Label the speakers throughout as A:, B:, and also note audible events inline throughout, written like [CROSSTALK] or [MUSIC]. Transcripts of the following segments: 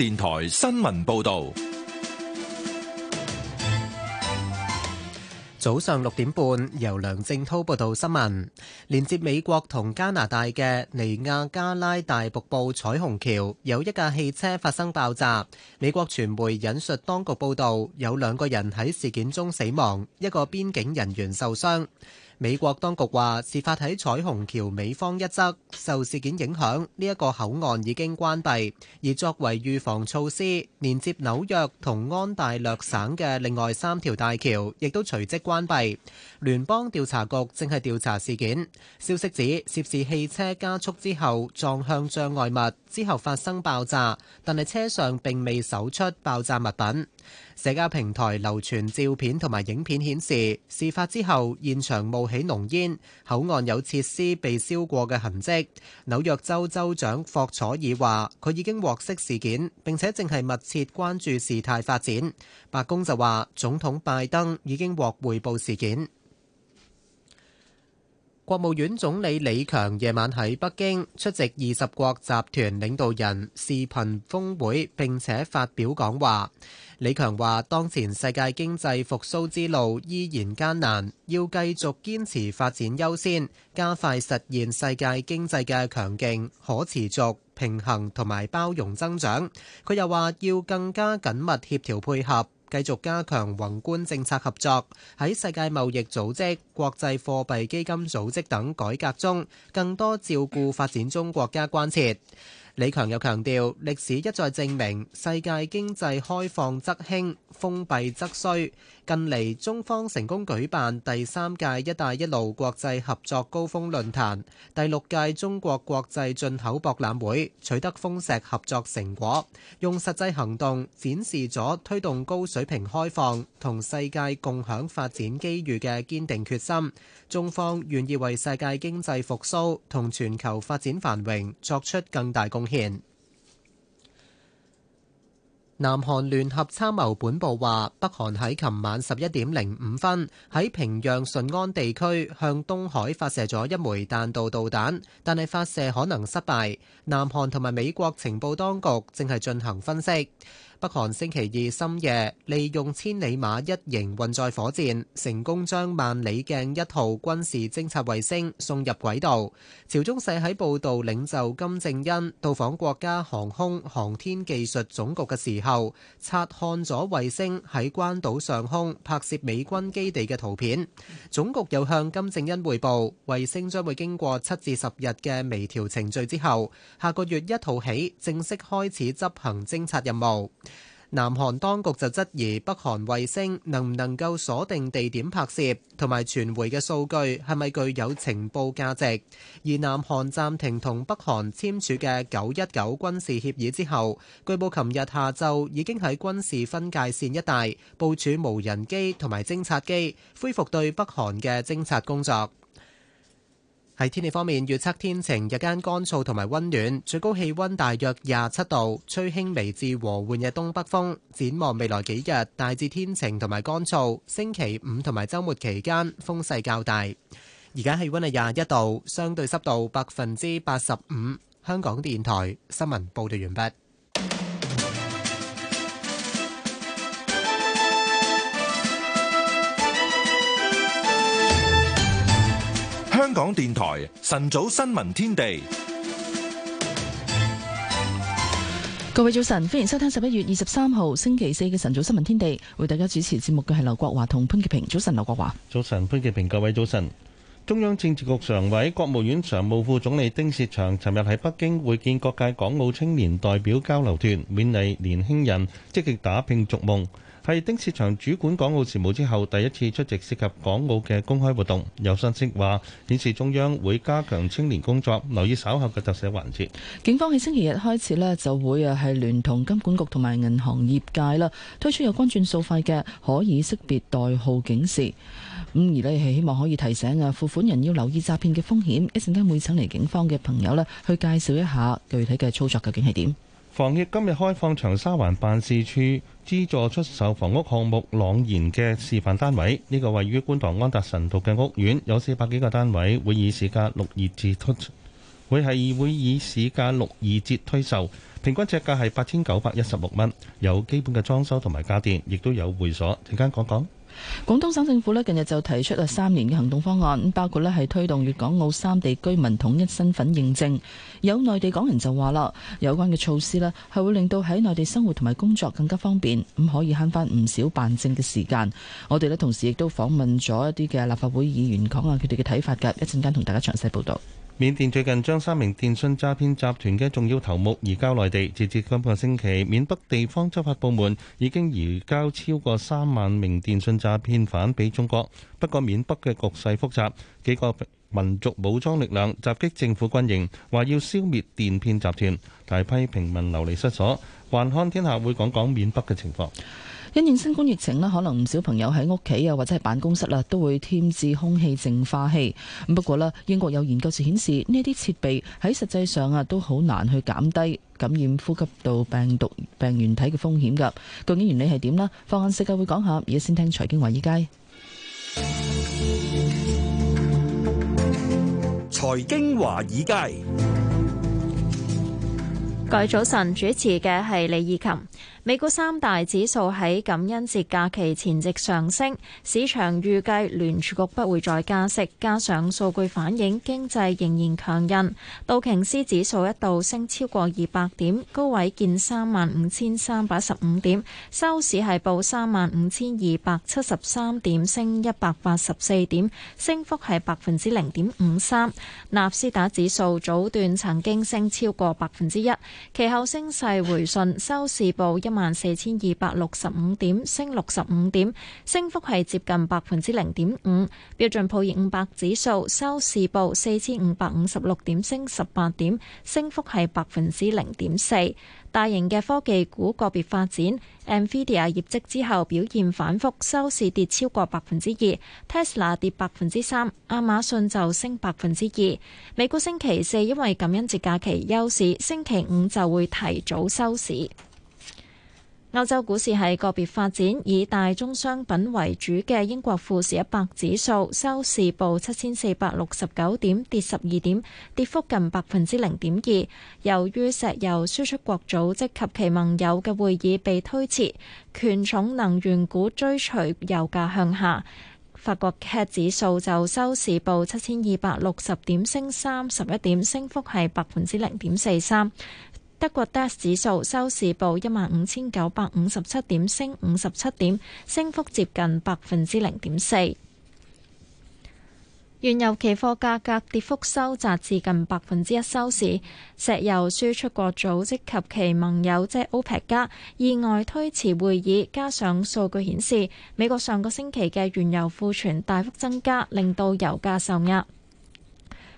A: 電台新聞報道，
B: 早上六點半，由梁正濤報道新聞。連接美國同加拿大嘅尼亞加拉大瀑布彩虹橋，有一架汽車發生爆炸。美國傳媒引述當局報道，有兩個人喺事件中死亡，一個邊境人員受傷。美國當局話，事發喺彩虹橋美方一側，受事件影響，呢一個口岸已經關閉。而作為預防措施，連接紐約同安大略省嘅另外三條大橋亦都隨即關閉。聯邦調查局正係調查事件。消息指，涉事汽車加速之後撞向障礙物，之後發生爆炸，但係車上並未搜出爆炸物品。社交平台流傳照片同埋影片顯示，示，事發之後現場冒起濃煙，口岸有設施被燒過嘅痕跡。紐約州州長霍楚爾話：佢已經獲悉事件，並且正係密切關注事態發展。白宮就話，總統拜登已經獲匯報事件。國務院總理李強夜晚喺北京出席二十國集團領導人視頻峰會，並且發表講話。李強話：當前世界經濟復甦之路依然艱難，要繼續堅持發展優先，加快實現世界經濟嘅強勁、可持續、平衡同埋包容增長。佢又話：要更加緊密協調配合，繼續加強宏觀政策合作，喺世界貿易組織、國際貨幣基金組織等改革中，更多照顧發展中國家關切。李強又強調，歷史一再證明，世界經濟開放則興，封閉則衰。近嚟，中方成功舉辦第三屆「一帶一路」國際合作高峰論壇、第六屆中國國際進口博覽會，取得豐碩合作成果，用實際行動展示咗推動高水平開放同世界共享發展機遇嘅堅定決心。中方願意為世界經濟復甦同全球發展繁榮作出更大貢獻。南韓聯合參謀本部話，北韓喺琴晚十一點零五分喺平壤順安地區向東海發射咗一枚彈道導彈，但係發射可能失敗。南韓同埋美國情報當局正係進行分析。北韓星期二深夜利用千里馬一型運載火箭，成功將萬里鏡一號軍事偵察衛星送入軌道。朝中社喺報道，領袖金正恩到訪國家航空航天技術總局嘅時候，察看咗衛星喺關島上空拍攝美軍基地嘅圖片。總局又向金正恩匯報，衛星將會經過七至十日嘅微調程序之後，下個月一號起正式開始執行偵察任務。南韓當局就質疑北韓衛星能唔能夠鎖定地點拍攝，同埋傳回嘅數據係咪具有情報價值。而南韓暫停同北韓簽署嘅九一九軍事協議之後，據報琴日下晝已經喺軍事分界線一帶部署無人機同埋偵察機，恢復對北韓嘅偵察工作。喺天氣方面，預測天晴，日間乾燥同埋溫暖，最高氣溫大約廿七度，吹輕微至和緩嘅東北風。展望未來幾日，大致天晴同埋乾燥。星期五同埋周末期間，風勢較大。而家氣溫係廿一度，相對濕度百分之八十五。香港電台新聞報道完畢。
A: 香港電台晨早新聞天地，
C: 各位早晨，歡迎收聽十一月二十三號星期四嘅晨早新聞天地，為大家主持節目嘅係劉國華同潘潔平。早晨，劉國華，
D: 早晨，潘潔平，各位早晨。中央政治局常委、國務院常務副總理丁薛祥尋日喺北京會見各界港澳青年代表交流團，勉勵年輕人積極打拼逐夢。係丁薛祥主管港澳事務之後，第一次出席涉及港澳嘅公開活動，有信息話顯示中央會加強青年工作，留意稍後嘅特寫環節。
C: 警方喺星期日開始咧，就會啊係聯同金管局同埋銀行業界啦，推出有關轉數費嘅可以識別代號警示。咁而咧係希望可以提醒啊付款人要留意詐騙嘅風險，一陣間會請嚟警方嘅朋友咧，去介紹一下具體嘅操作究竟係點。
D: 房協今日開放長沙灣辦事處。資助出售房屋項目朗然嘅示範單位，呢、這個位於觀塘安達臣道嘅屋苑有四百幾個單位，會以市價六二折推，會係會以市價六二折推售，平均尺價係八千九百一十六蚊，有基本嘅裝修同埋家電，亦都有會所，陣間講講。
C: 廣東省政府咧近日就提出啊三年嘅行動方案，包括咧係推動粵港澳三地居民統一身份認證。有內地港人就話啦，有關嘅措施咧係會令到喺內地生活同埋工作更加方便，咁可以慳翻唔少辦證嘅時間。我哋咧同時亦都訪問咗一啲嘅立法會議員，講下佢哋嘅睇法嘅，一陣間同大家詳細報道。
D: 緬甸最近將三名電信詐騙集團嘅重要頭目移交內地。截至今個星期，緬北地方執法部門已經移交超過三萬名電信詐騙犯畀中國。不過，緬北嘅局勢複雜，幾個民族武裝力量襲擊政府軍營，話要消滅電騙集團，大批平民流離失所。環看天下會講講緬北嘅情況。
C: 因應新冠疫情咧，可能唔少朋友喺屋企啊，或者係辦公室呀，都會添置空氣淨化器。咁不過咧，英國有研究就顯示，呢啲設備喺實際上啊，都好難去減低感染呼吸道病毒病原體嘅風險噶。究竟原理係點呢？放眼世界會講下。而家先聽財經華爾街。
A: 財經華爾街，
E: 爾街各位早晨，主持嘅係李綺琴。美股三大指數喺感恩節假期前夕上升，市場預計聯儲局不會再加息，加上數據反映經濟仍然強韌。道瓊斯指數一度升超過二百點，高位見三萬五千三百十五點，收市係報三萬五千二百七十三點，升一百八十四點，升幅係百分之零點五三。納斯達指數早段曾經升超過百分之一，其後升勢回順，收市報一一萬四千二百六十五點，升六十五點，升幅係接近百分之零點五。標準普爾五百指數收市報四千五百五十六點，升十八點，升幅係百分之零點四。大型嘅科技股個別發展，NVIDIA 業績之後表現反復，收市跌超過百分之二；Tesla 跌百分之三，亞馬遜就升百分之二。美股星期四因為感恩節假期休市，星期五就會提早收市。歐洲股市係個別發展，以大宗商品為主嘅英國富時一百指數收市報七千四百六十九點，跌十二點，跌幅近百分之零點二。由於石油輸出國組織及其盟友嘅會議被推遲，權重能源股追隨油價向下。法國 CAC 指數就收市報七千二百六十點，升三十一點，升幅係百分之零點四三。德國 DAX 指數收市報一萬五千九百五十七點，升五十七點，升幅接近百分之零點四。原油期貨價格跌幅收窄至近百分之一，收市。石油輸出國組織及其盟友即 OPEC 加意外推遲會議，加上數據顯示美國上個星期嘅原油庫存大幅增加，令到油價受壓。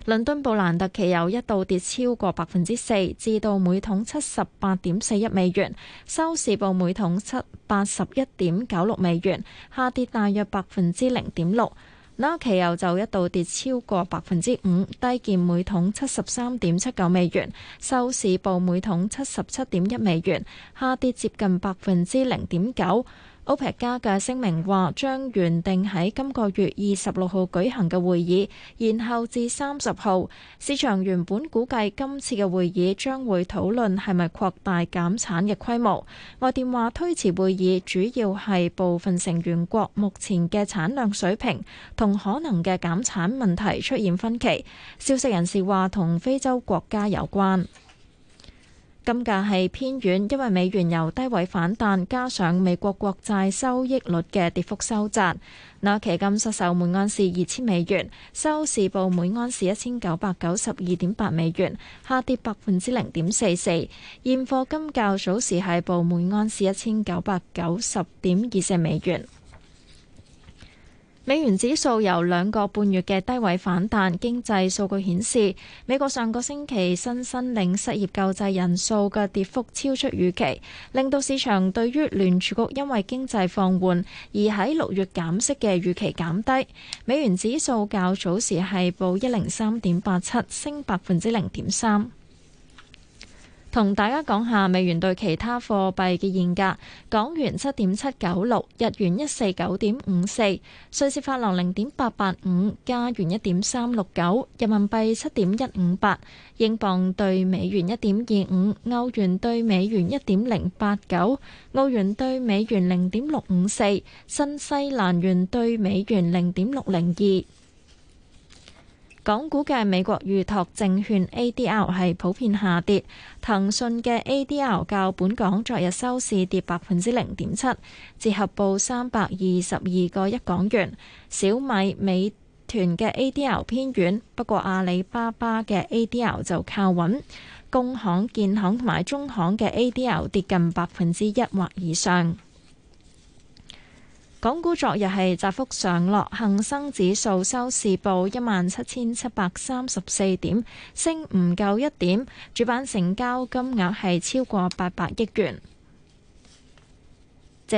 E: 倫敦布蘭特期油一度跌超過百分之四，至到每桶七十八點四一美元，收市報每桶八十一點九六美元，下跌大約百分之零點六。那期油就一度跌超過百分之五，低見每桶七十三點七九美元，收市報每桶七十七點一美元，下跌接近百分之零點九。歐佩克嘅聲明話，將原定喺今個月二十六號舉行嘅會議延後至三十號。市場原本估計今次嘅會議將會討論係咪擴大減產嘅規模。外電話推遲會議主要係部分成員國目前嘅產量水平同可能嘅減產問題出現分歧。消息人士話，同非洲國家有關。金價係偏軟，因為美元由低位反彈，加上美國國債收益率嘅跌幅收窄。那期金失守每盎司二千美元，收市報每盎司一千九百九十二點八美元，下跌百分之零點四四。現貨金較早時係報每盎司一千九百九十點二四美元。美元指數由兩個半月嘅低位反彈，經濟數據顯示美國上個星期新申領失業救濟人數嘅跌幅超出預期，令到市場對於聯儲局因為經濟放緩而喺六月減息嘅預期減低。美元指數較早時係報一零三點八七，升百分之零點三。同大家講下美元對其他貨幣嘅現價：港元七點七九六，日元一四九點五四，瑞士法郎零點八八五，加元一點三六九，人民幣七點一五八，英鎊對美元一點二五，歐元對美元一點零八九，澳元對美元零點六五四，新西蘭元對美元零點六零二。港股嘅美國預託證券 A D R 係普遍下跌，騰訊嘅 A D R 較本港昨日收市跌百分之零點七，折合報三百二十二個一港元。小米、美團嘅 A D R 偏軟，不過阿里巴巴嘅 A D R 就靠穩。工行、建行同埋中行嘅 A D R 跌近百分之一或以上。港股昨日係窄幅上落，恒生指數收市報一萬七千七百三十四點，升唔夠一點，主板成交金額係超過八百億元。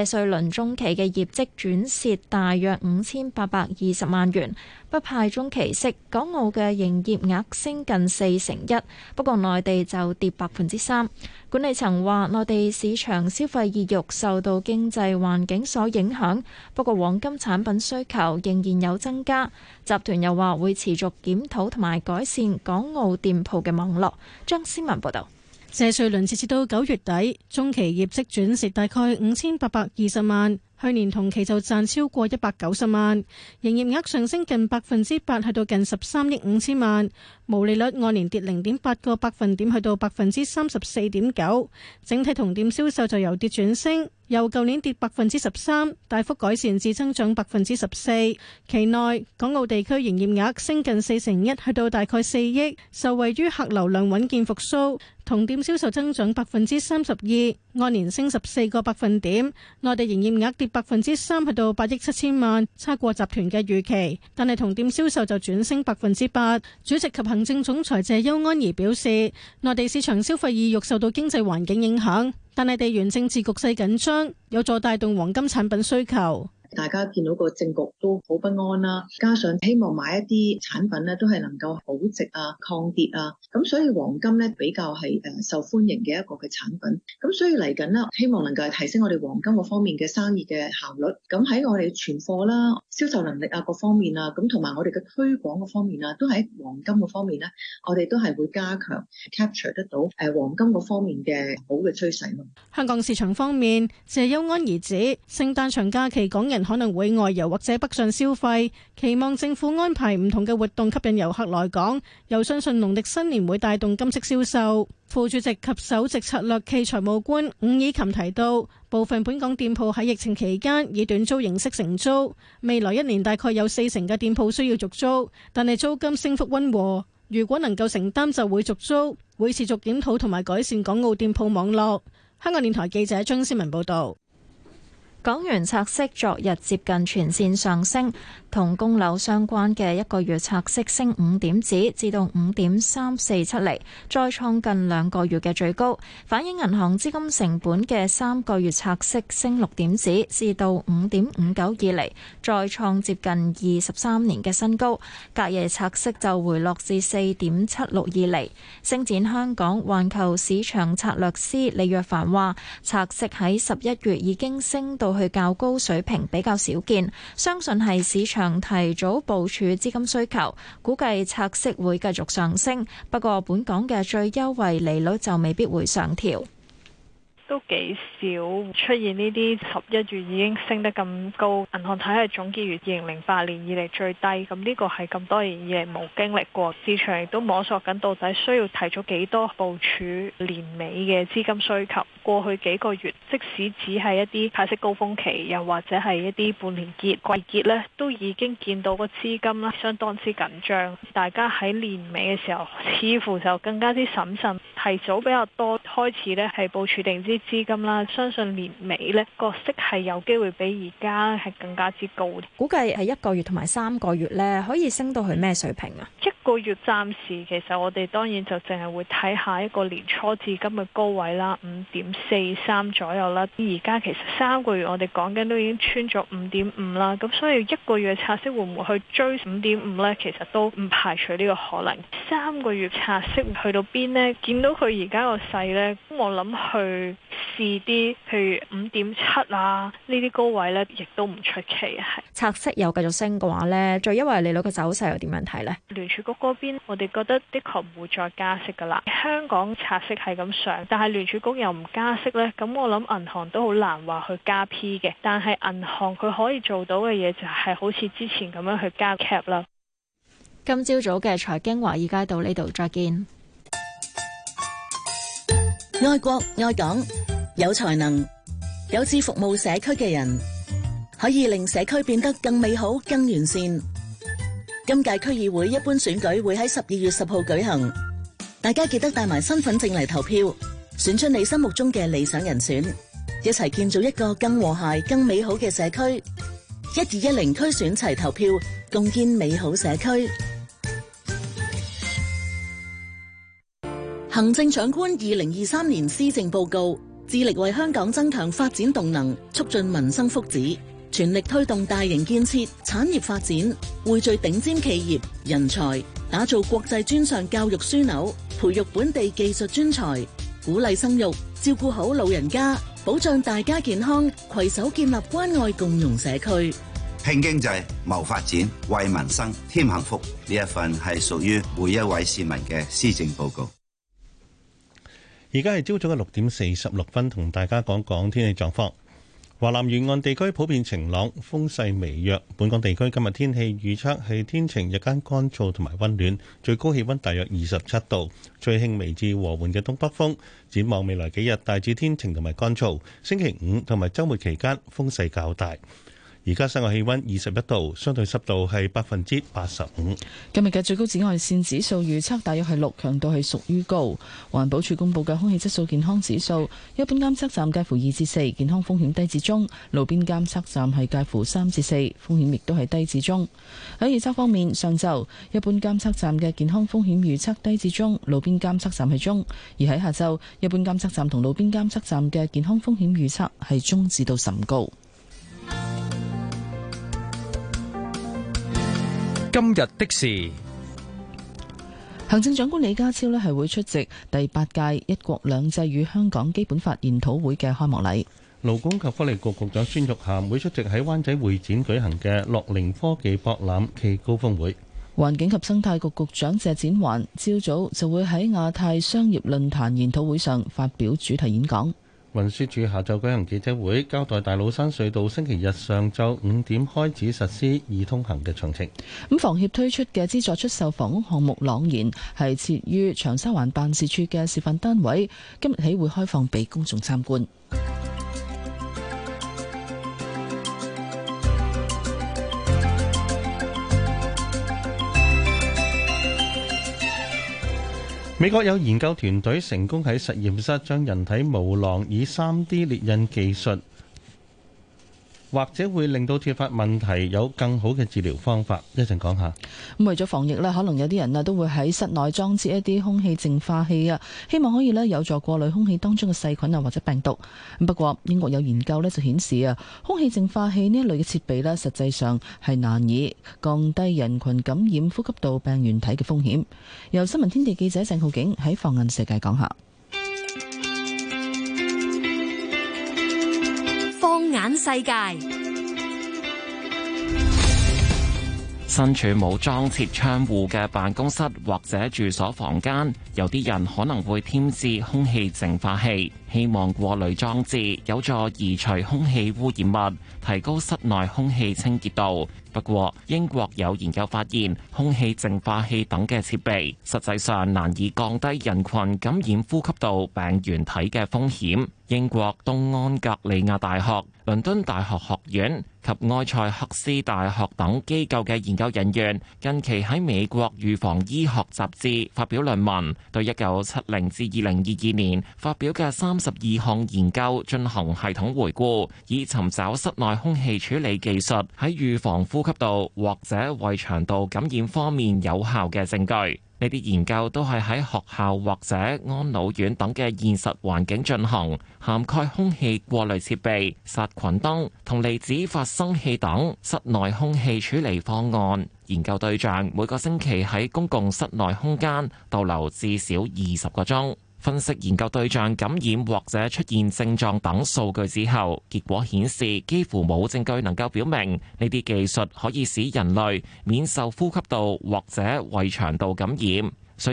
E: 謝瑞麟中期嘅業績轉蝕大約五千八百二十萬元，不派中期息。港澳嘅營業額升近四成一，不過內地就跌百分之三。管理層話內地市場消費意欲受到經濟環境所影響，不過黃金產品需求仍然有增加。集團又話會持續檢討同埋改善港澳店鋪嘅網絡。
F: 張思文報道。謝瑞麟截至到九月底，中期業績轉蝕大概五千八百二十萬，去年同期就賺超過一百九十萬，營業額上升近百分之八，去到近十三億五千萬，毛利率按年跌零點八個百分點，去到百分之三十四點九，整體同店銷售就由跌轉升。由舊年跌百分之十三，大幅改善至增長百分之十四。期內港澳地區營業額升近四成一，去到大概四億，受惠於客流量穩健復甦，同店銷售增長百分之三十二，按年升十四個百分點。內地營業額跌百分之三，去到八億七千萬，差過集團嘅預期，但係同店銷售就轉升百分之八。主席及行政總裁謝邱安怡表示，內地市場消費意欲受到經濟環境影響。但係地緣政治局勢緊張，有助帶動黃金產品需求。大家見到個政局都好不安啦，加上希望買一啲產品咧都係能夠保值啊、抗跌啊，咁所以黃金咧
G: 比較係誒受歡迎嘅一個嘅產品。咁所以嚟緊啦，希望能夠提升我哋黃金
C: 嗰方面嘅生意嘅效率。咁喺我哋存貨啦、銷售能力啊各方面啊，咁同埋我哋嘅推廣嗰方面啊，都喺黃金嗰方面咧，我哋都係會加強 capture 得到誒黃金嗰方面嘅好嘅趨勢。
F: 香港市場方面，謝優安兒指聖誕長假期港人。可能會外遊或者北上消費，期望政府安排唔同嘅活動吸引遊客來港，又相信農曆新年會帶動金色銷售。副主席及首席策略暨財務官伍以琴提到，部分本港店鋪喺疫情期間以短租形式承租，未來一年大概有四成嘅店鋪需要續租，但係租金升幅溫和。如果能夠承擔，就會續租，會持續檢討同埋改善港澳店鋪網絡。香港電台記者張思文報道。
E: 港元拆息昨日接近全線上升，同供樓相關嘅一個月拆息升五點子，至到五點三四七厘，再創近兩個月嘅最高，反映銀行資金成本嘅三個月拆息升六點子，至到五點五九二厘，再創接近二十三年嘅新高。隔夜拆息就回落至四點七六二厘。星展香港環球市場策略師李若凡話：拆息喺十一月已經升到。去較高水平比較少見，相信係市場提早部署資金需求，估計拆息會繼續上升。不過，本港嘅最優惠利率就未必會上調。
H: 都幾少出現呢啲，十一月已經升得咁高，銀行體系總結餘二零零八年以嚟最低，咁呢個係咁多年亦冇經歷過，市場亦都摸索緊到底需要提早幾多部署年尾嘅資金需求。過去幾個月，即使只係一啲派息高峰期，又或者係一啲半年結季結咧，都已經見到個資金啦相當之緊張。大家喺年尾嘅時候，似乎就更加之審慎，提早比較多開始咧係部署定資。資金啦，相信年尾呢個息係有機會比而家係更加之高。
E: 估計係一個月同埋三個月呢可以升到去咩水平啊？
H: 一個月暫時其實我哋當然就淨係會睇下一個年初至今嘅高位啦，五點四三左右啦。而家其實三個月我哋講緊都已經穿咗五點五啦，咁所以一個月嘅拆息會唔會去追五點五呢？其實都唔排除呢個可能。三個月拆息去到邊呢？見到佢而家個勢呢，我諗佢。試啲，譬如五點七啊，呢啲高位呢亦都唔出奇。係
E: 拆息又繼續升嘅話呢，最因為利率嘅走勢又點樣睇呢？
H: 聯儲局嗰邊，我哋覺得的確唔會再加息噶啦。香港拆息係咁上，但係聯儲局又唔加息呢。咁我諗銀行都好難話去加 P 嘅。但係銀行佢可以做到嘅嘢就係好似之前咁樣去加 cap 啦。
E: 今朝早嘅財經華爾街到呢度再見。
F: 愛國愛港，有才能、有志服務社區嘅人，可以令社區變得更美好、更完善。今屆區議會一般選舉會喺十二月十號舉行，大家記得帶埋身份證嚟投票，選出你心目中嘅理想人選，一齊建造一個更和諧、更美好嘅社區。一二一零區選齊投票，共建美好社區。行政長官二零二三年施政報告致力為香港增強發展動能，促進民生福祉，全力推動大型建設、產業發展，匯聚頂尖企業人才，打造國際專上教育樞紐，培育本地技術專才，鼓勵生育，照顧好老人家，保障大家健康，攜手建立關愛共融社區，
A: 拼經濟、謀發展、為民生添幸福。呢一份係屬於每一位市民嘅施政報告。
D: 而家係朝早嘅六點四十六分，同大家講講天氣狀況。華南沿岸地區普遍晴朗，風勢微弱。本港地區今日天氣預測係天晴，日間乾燥同埋温暖，最高氣温大約二十七度，吹輕微至和緩嘅東北風。展望未來幾日大致天晴同埋乾燥，星期五同埋周末期間風勢較大。而家室外氣溫二十一度，相對濕度係百分之八十五。
C: 今日嘅最高紫外線指數預測大約係六，強度係屬於高。環保署公布嘅空氣質素健康指數，一般監測站介乎二至四，健康風險低至中；路邊監測站係介乎三至四，風險亦都係低至中。喺預測方面，上晝一般監測站嘅健康風險預測低至中，路邊監測站係中；而喺下晝一般監測站同路邊監測站嘅健康風險預測係中至到甚高。
I: 今日的事，
C: 行政長官李家超呢係會出席第八屆一國兩制與香港基本法研討會嘅開幕禮。勞工及福利局
D: 局長孫玉菡會出席喺灣仔會展舉行嘅樂齡科技博覽暨高峰
C: 會。環境及生態局局長謝展環朝早就會喺亞太商業論壇研討會上發表主題演講。
D: 運輸署下晝舉行記者會，交代大老山隧道星期日上晝五點開始實施易通行嘅詳情。
C: 咁房協推出嘅資助出售房屋項目朗然係設於長沙灣辦事處嘅示範單位，今日起會開放俾公眾參觀。
D: 美國有研究團隊成功喺實驗室將人體毛囊以 3D 列印技術。或者會令到脫髮問題有更好嘅治療方法，一陣講下。
C: 咁為咗防疫咧，可能有啲人啊都會喺室內裝置一啲空氣淨化器啊，希望可以咧有助過濾空氣當中嘅細菌啊或者病毒。不過英國有研究咧就顯示啊，空氣淨化器呢一類嘅設備咧，實際上係難以降低人群感染呼吸道病原體嘅風險。由新聞天地記者鄭浩景喺放眼世界講下。
G: 眼世界。
J: 身處冇裝設窗戶嘅辦公室或者住所房間，有啲人可能會添置空氣淨化器，希望過濾裝置有助移除空氣污染物，提高室內空氣清潔度。不過，英國有研究發現，空氣淨化器等嘅設備，實際上難以降低人群感染呼吸道病原體嘅風險。英國東安格利亞大學、倫敦大學學院及埃塞克斯大學等機構嘅研究人員近期喺美國預防醫學雜誌發表論文，對一九七零至二零二二年發表嘅三十二項研究進行系統回顧，以尋找室內空氣處理技術喺預防呼吸道或者胃腸道感染方面有效嘅證據。呢啲研究都係喺學校或者安老院等嘅現實環境進行，涵蓋空氣過濾設備、殺菌燈同離子發生器等室內空氣處理方案。研究對象每個星期喺公共室內空間逗留至少二十個鐘。分析研究對象感染或者出現症狀等數據之後，結果顯示幾乎冇證據能夠表明呢啲技術可以使人類免受呼吸道或者胃腸道感染。雖然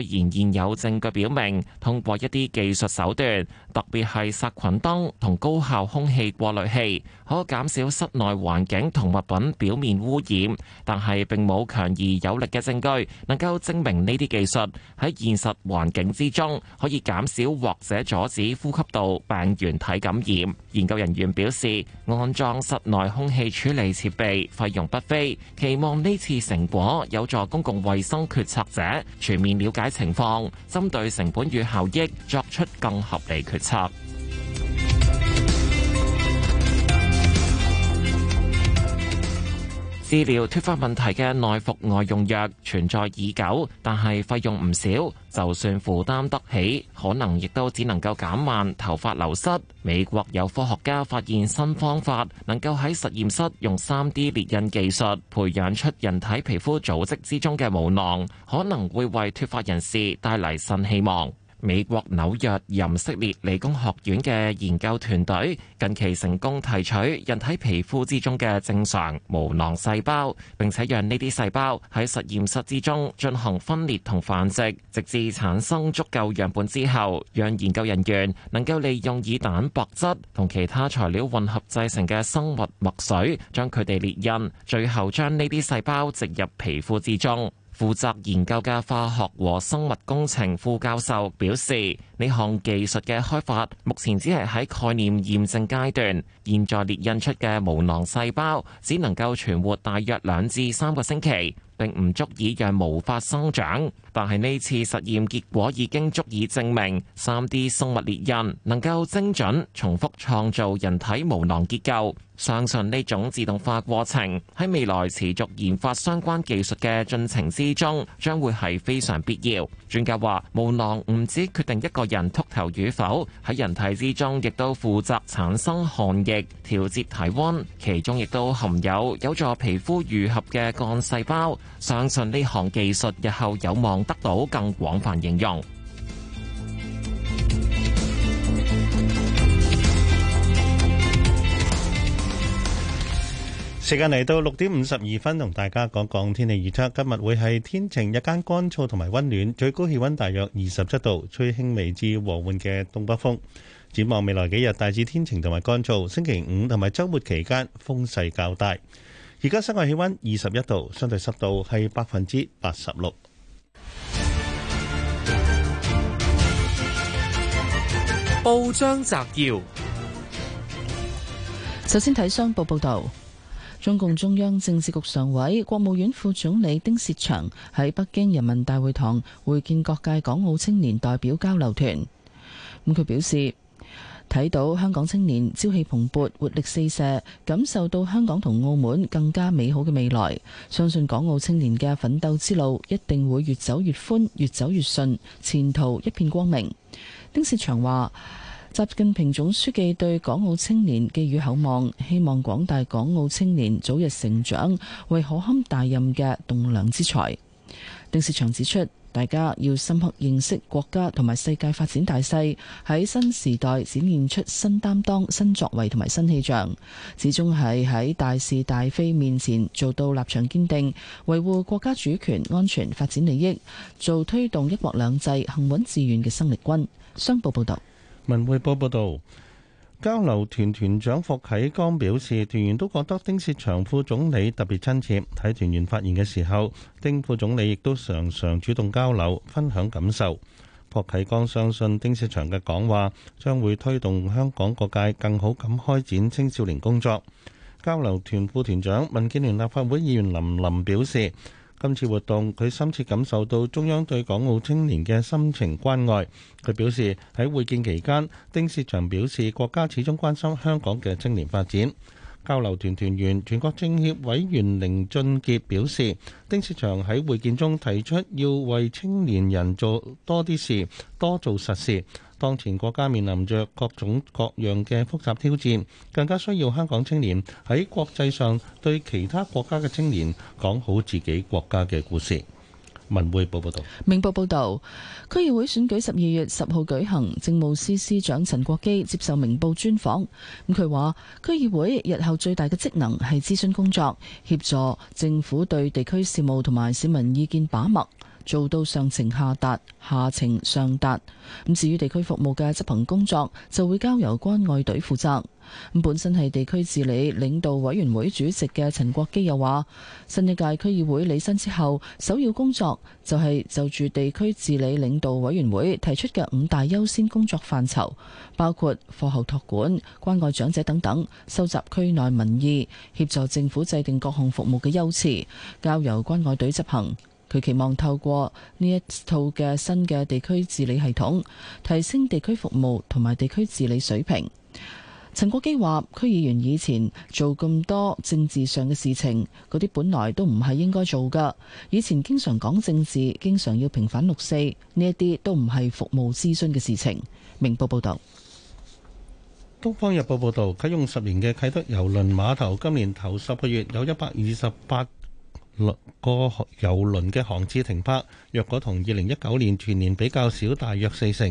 J: 研究人員表示，安裝室內空氣處理設備費用不菲，期望呢次成果有助公共衛生決策者全面了解情況，針對成本與效益作出更合理決策。治療脫髮問題嘅內服外用藥存在已久，但係費用唔少，就算負擔得起，可能亦都只能夠減慢頭髮流失。美國有科學家發現新方法，能夠喺實驗室用 3D 列印技術培養出人體皮膚組織之中嘅毛囊，可能會為脫髮人士帶嚟新希望。美國紐約任色列理工學院嘅研究團隊近期成功提取人體皮膚之中嘅正常毛囊細胞，並且讓呢啲細胞喺實驗室之中進行分裂同繁殖，直至產生足夠樣本之後，讓研究人員能夠利用以蛋白質同其他材料混合製成嘅生物墨水，將佢哋列印，最後將呢啲細胞植入皮膚之中。負責研究嘅化學和生物工程副教授表示，呢項技術嘅開發目前只係喺概念驗證階段，現在列印出嘅毛囊細胞只能夠存活大約兩至三個星期。並唔足以讓毛髮生長，但係呢次實驗結果已經足以證明三 D 生物列印能夠精準重複創造人體毛囊結構。相信呢種自動化過程喺未來持續研發相關技術嘅進程之中，將會係非常必要。專家話，毛囊唔止決定一個人禿頭與否，喺人體之中亦都負責產生汗液、調節體溫，其中亦都含有有助皮膚癒合嘅幹細胞。相信呢項技術日後有望得到更廣泛應用。
D: 時間嚟到六點五十二分，同大家講講天氣預測。今日會係天晴，日間乾燥同埋溫暖，最高氣溫大約二十七度，吹輕微至和緩嘅東北風。展望未來幾日，大致天晴同埋乾燥。星期五同埋週末期間，風勢較大。而家室外氣溫二十一度，相對濕度係百分之八十六。
K: 報章摘要：
C: 首先睇商報報道，中共中央政治局常委、國務院副總理丁薛祥喺北京人民大會堂會見各界港澳青年代表交流團。咁佢表示。睇到香港青年朝氣蓬勃、活力四射，感受到香港同澳門更加美好嘅未來，相信港澳青年嘅奮鬥之路一定會越走越寬、越走越順，前途一片光明。丁士祥話：習近平總書記對港澳青年寄予厚望，希望廣大港澳青年早日成長為可堪大任嘅棟梁之才。丁士祥指出。大家要深刻認識國家同埋世界發展大勢，喺新時代展現出新擔當、新作為同埋新氣象。始終係喺大是大非面前做到立場堅定，維護國家主權、安全、發展利益，做推動一國兩制行穩致遠嘅生力軍。商報，報報道：
D: 文匯報報道。交流團團長霍啟剛表示，團員都覺得丁薛祥副總理特別親切。睇團員發言嘅時候，丁副總理亦都常常主動交流，分享感受。霍啟剛相信丁薛祥嘅講話將會推動香港各界更好咁開展青少年工作。交流團副團長民建聯立法會議員林琳表示，今次活動，佢深切感受到中央對港澳青年嘅深情關愛。佢表示喺會見期間，丁薛祥表示國家始終關心香港嘅青年發展。交流團團員全國政協委員凌俊傑表示，丁薛祥喺會見中提出要為青年人做多啲事，多做實事。當前國家面臨着各種各樣嘅複雜挑戰，更加需要香港青年喺國際上對其他國家嘅青年講好自己國家嘅故事。文匯報報道。
C: 明報報導，區議會選舉十二月十號舉行，政務司司長陳國基接受明報專訪。咁佢話：區議會日後最大嘅職能係諮詢工作，協助政府對地區事務同埋市民意見把脈。做到上情下達、下情上達，咁至於地區服務嘅執行工作，就會交由關愛隊負責。本身係地區治理領導委員會主席嘅陳國基又話，新一屆區議會履新之後首要工作就係就住地區治理領導委員會提出嘅五大優先工作範疇，包括課後託管、關愛長者等等，收集區內民意，協助政府制定各項服務嘅優次，交由關愛隊執行。佢期望透過呢一套嘅新嘅地區治理系統，提升地區服務同埋地區治理水平。陳國基話：區議員以前做咁多政治上嘅事情，嗰啲本來都唔係應該做㗎。以前經常講政治，經常要平反六四，呢一啲都唔係服務諮詢嘅事情。明報報道，
D: 《東方日報》報導，啟用十年嘅啟德郵輪碼頭，今年頭十個月有一百二十八。個遊輪嘅航次停泊，若果同二零一九年全年比較少，大約四成。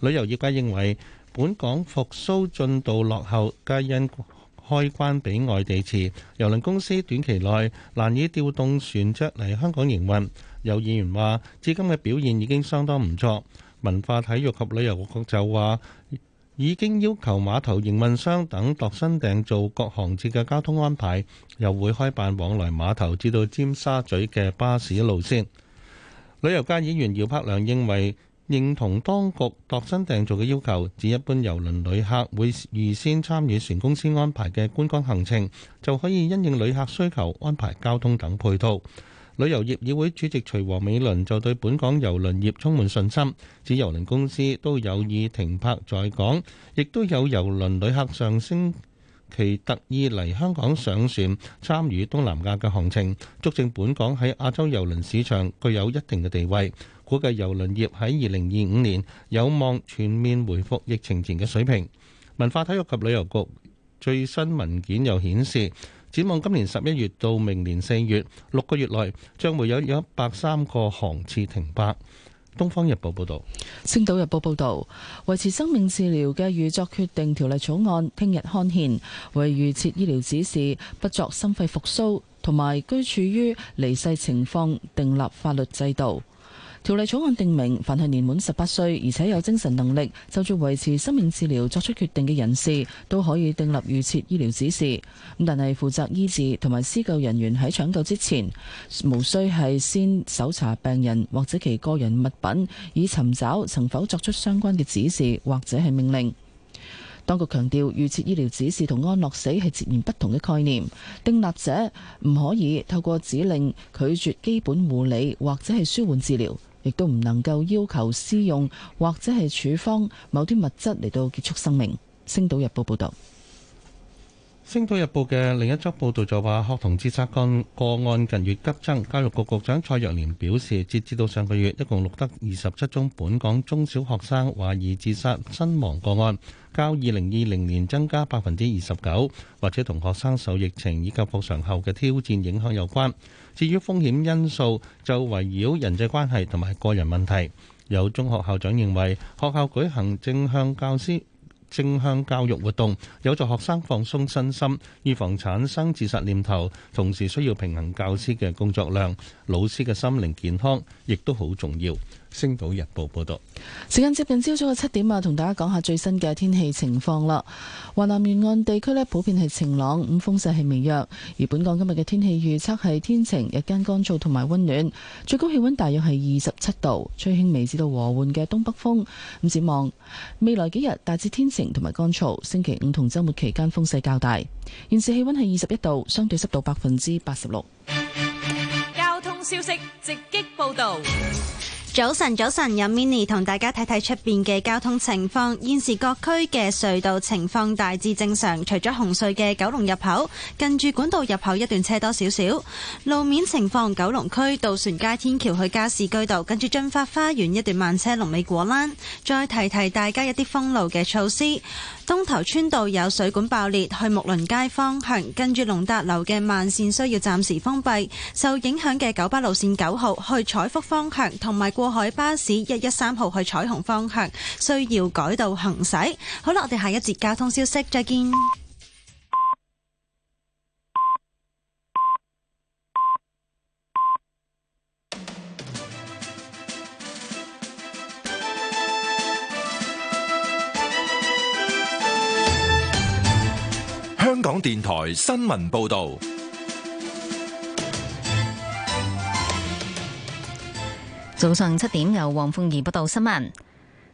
D: 旅遊業界認為本港復甦進度落後，皆因開關俾外地遲。遊輪公司短期內難以調動船隻嚟香港營運。有議員話，至今嘅表現已經相當唔錯。文化體育及旅遊局就話。已經要求碼頭營運商等度身訂做各航次嘅交通安排，又會開辦往來碼頭至到尖沙咀嘅巴士路線。旅遊界議員姚柏良認為，認同當局度身訂做嘅要求，指一般郵輪旅客會預先參與船公司安排嘅觀光行程，就可以因應旅客需求安排交通等配套。旅遊業議會主席徐和美倫就對本港遊輪業充滿信心，指遊輪公司都有意停泊在港，亦都有遊輪旅客上星期特意嚟香港上船參與東南亞嘅航程，足證本港喺亞洲遊輪市場具有一定嘅地位。估計遊輪業喺二零二五年有望全面回復疫情前嘅水平。文化體育及旅遊局最新文件又顯示，展望今年十一月到明年四月六個月內，將會有一百三個航次停泊。東方日報報道，
C: 星島日報報道，維持生命治療嘅預作決定條例草案聽日刊憲，為預設醫療指示不作心肺復甦同埋居處於離世情況訂立法律制度。條例草案定明，凡係年滿十八歲而且有精神能力，就住維持生命治療作出決定嘅人士，都可以訂立預設醫療指示。咁但係負責醫治同埋施救人員喺搶救之前，無需係先搜查病人或者其個人物品，以尋找曾否作出相關嘅指示或者係命令。當局強調，預設醫療指示同安樂死係截然不同嘅概念，訂立者唔可以透過指令拒絕基本護理或者係舒緩治療。亦都唔能夠要求私用，或者係處方某啲物質嚟到結束生命。星島日報報道。
D: 《星島日報》嘅另一則報導就話，學童自殺案個案近月急增。教育局局長蔡若蓮表示，截至到上個月，一共錄得二十七宗本港中小學生懷疑自殺身亡個案，較二零二零年增加百分之二十九，或者同學生受疫情以及復常後嘅挑戰影響有關。至於風險因素，就圍繞人際關係同埋個人問題。有中學校長認為，學校舉行正向教師。正向教育活動有助學生放鬆身心，預防產生自殺念頭，同時需要平衡教師嘅工作量，老師嘅心靈健康亦都好重要。星島日報報道，
C: 時間接近朝早嘅七點啊，同大家講下最新嘅天氣情況啦。華南沿岸地區呢，普遍係晴朗，咁風勢係微弱。而本港今日嘅天氣預測係天晴，日間乾燥同埋溫暖，最高氣溫大約係二十七度，吹輕微至到和緩嘅東北風。咁展望未來幾日大致天晴同埋乾燥，星期五同周末期間風勢較大。現時氣溫係二十一度，相對濕度百分之八十六。
G: 交通消息直擊報道。
L: 早晨，早晨，有 Mini 同大家睇睇出便嘅交通情況。現時各區嘅隧道情況大致正常，除咗紅隧嘅九龍入口，近住管道入口一段車多少少。路面情況，九龍區渡船街天橋去加士居道，跟住，駿發花園一段慢車龍尾果欄。再提提大家一啲封路嘅措施。東頭村道有水管爆裂，去木倫街方向，跟住龍達樓嘅慢線需要暫時封閉。受影響嘅九巴路線九號去彩福方向，同埋過。過海巴士一一三號去彩虹方向需要改道行駛。好啦，我哋下一節交通消息再見。
A: 香港電台新聞報道。
M: 早上七點，由黃鳳儀報道新聞。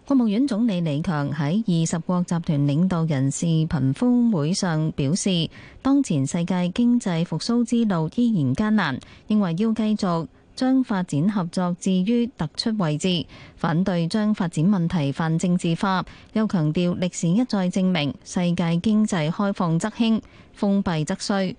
M: 國務院總理李強喺二十國集團領導人視頻峰會上表示，當前世界經濟復蘇之路依然艱難，認為要繼續將發展合作置於突出位置，反對將發展問題泛政治化。又強調歷史一再證明，世界經濟開放則興，封閉則衰。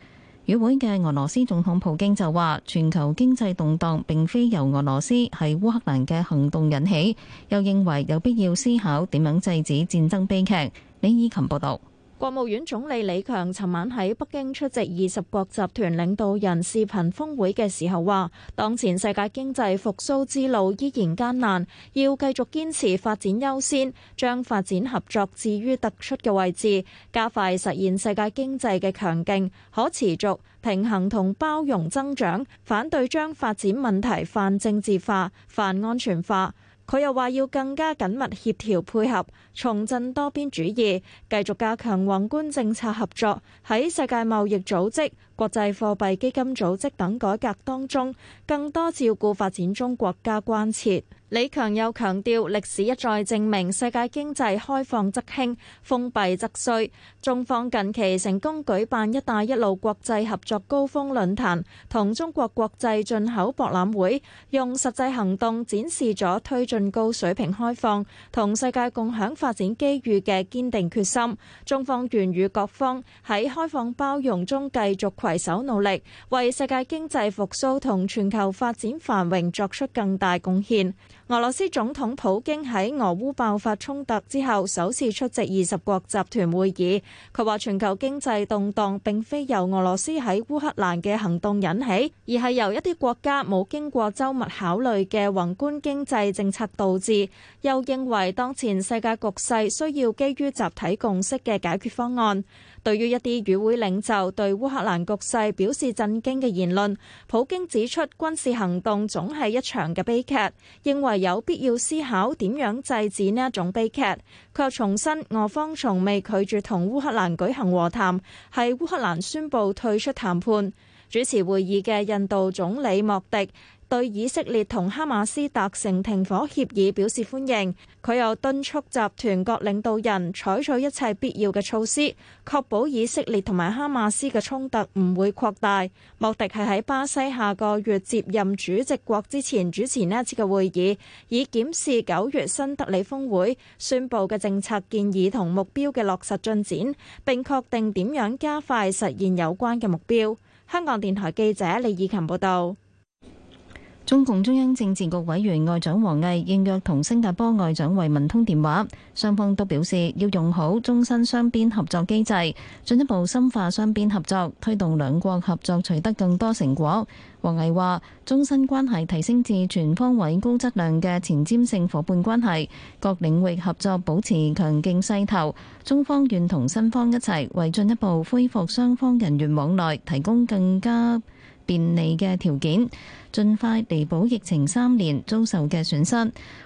M: 與會嘅俄羅斯總統普京就話，全球經濟動盪並非由俄羅斯喺烏克蘭嘅行動引起，又認為有必要思考點樣制止戰爭悲劇。李以琴報道。
E: 國務院總理李強尋晚喺北京出席二十國集團領導人視頻峰會嘅時候話，當前世界經濟復蘇之路依然艱難，要繼續堅持發展優先，將發展合作置於突出嘅位置，加快實現世界經濟嘅強勁、可持續、平衡同包容增長，反對將發展問題泛政治化、泛安全化。佢又話要更加緊密協調配合，重振多邊主義，繼續加強宏觀政策合作，喺世界貿易組織，國際貨幣基金組織等改革當中，更多照顧發展中國家關切。李強又強調，歷史一再證明，世界經濟開放則興，封閉則衰。中方近期成功舉辦「一帶一路」國際合作高峰論壇同中國國際進口博覽會，用實際行動展示咗推進高水平開放同世界共享發展機遇嘅堅定決心。中方願與各方喺開放包容中繼續攜攜手努力，為世界經濟復甦同全球發展繁榮作出更大貢獻。俄羅斯總統普京喺俄烏爆發衝突之後，首次出席二十國集團會議。佢話全球經濟動盪並非由俄羅斯喺烏克蘭嘅行動引起，而係由一啲國家冇經過周密考慮嘅宏觀經濟政策導致。又認為當前世界局勢需要基於集體共識嘅解決方案。對於一啲與會領袖對烏克蘭局勢表示震驚嘅言論，普京指出軍事行動總係一場嘅悲劇，認為有必要思考點樣制止呢一種悲劇。佢又重申俄方從未拒絕同烏克蘭舉行和談，係烏克蘭宣布退出談判。主持會議嘅印度總理莫迪，對以色列同哈馬斯達成停火協議表示歡迎，佢又敦促集團各領導人採取一切必要嘅措施，確保以色列同埋哈馬斯嘅衝突唔會擴大。莫迪係喺巴西下個月接任主席國之前主持呢一次嘅會議，以檢視九月新德里峰會宣布嘅政策建議同目標嘅落實進展，並確定點樣加快實現有關嘅目標。香港電台記者李以琴報道。
M: 中共中央政治局委員外長王毅應約同新加坡外長維文通電話，雙方都表示要用好中新雙邊合作機制，進一步深化雙邊合作，推動兩國合作取得更多成果。王毅話中新關係提升至全方位高質量嘅前瞻性伙伴關係，各領域合作保持強勁勢頭，中方願同新方一齊為進一步恢復雙方人員往來提供更加便利嘅條件，盡快彌補疫情三年遭受嘅損失。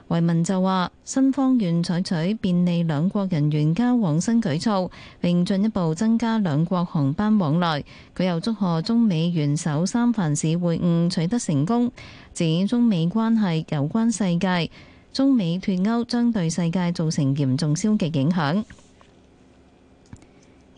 M: 維文就話：新方願採取便利兩國人員交往新舉措，並進一步增加兩國航班往來。佢又祝賀中美元首三藩市會晤取得成功，指中美關係有關世界，中美脱歐將對世界造成嚴重消極影響。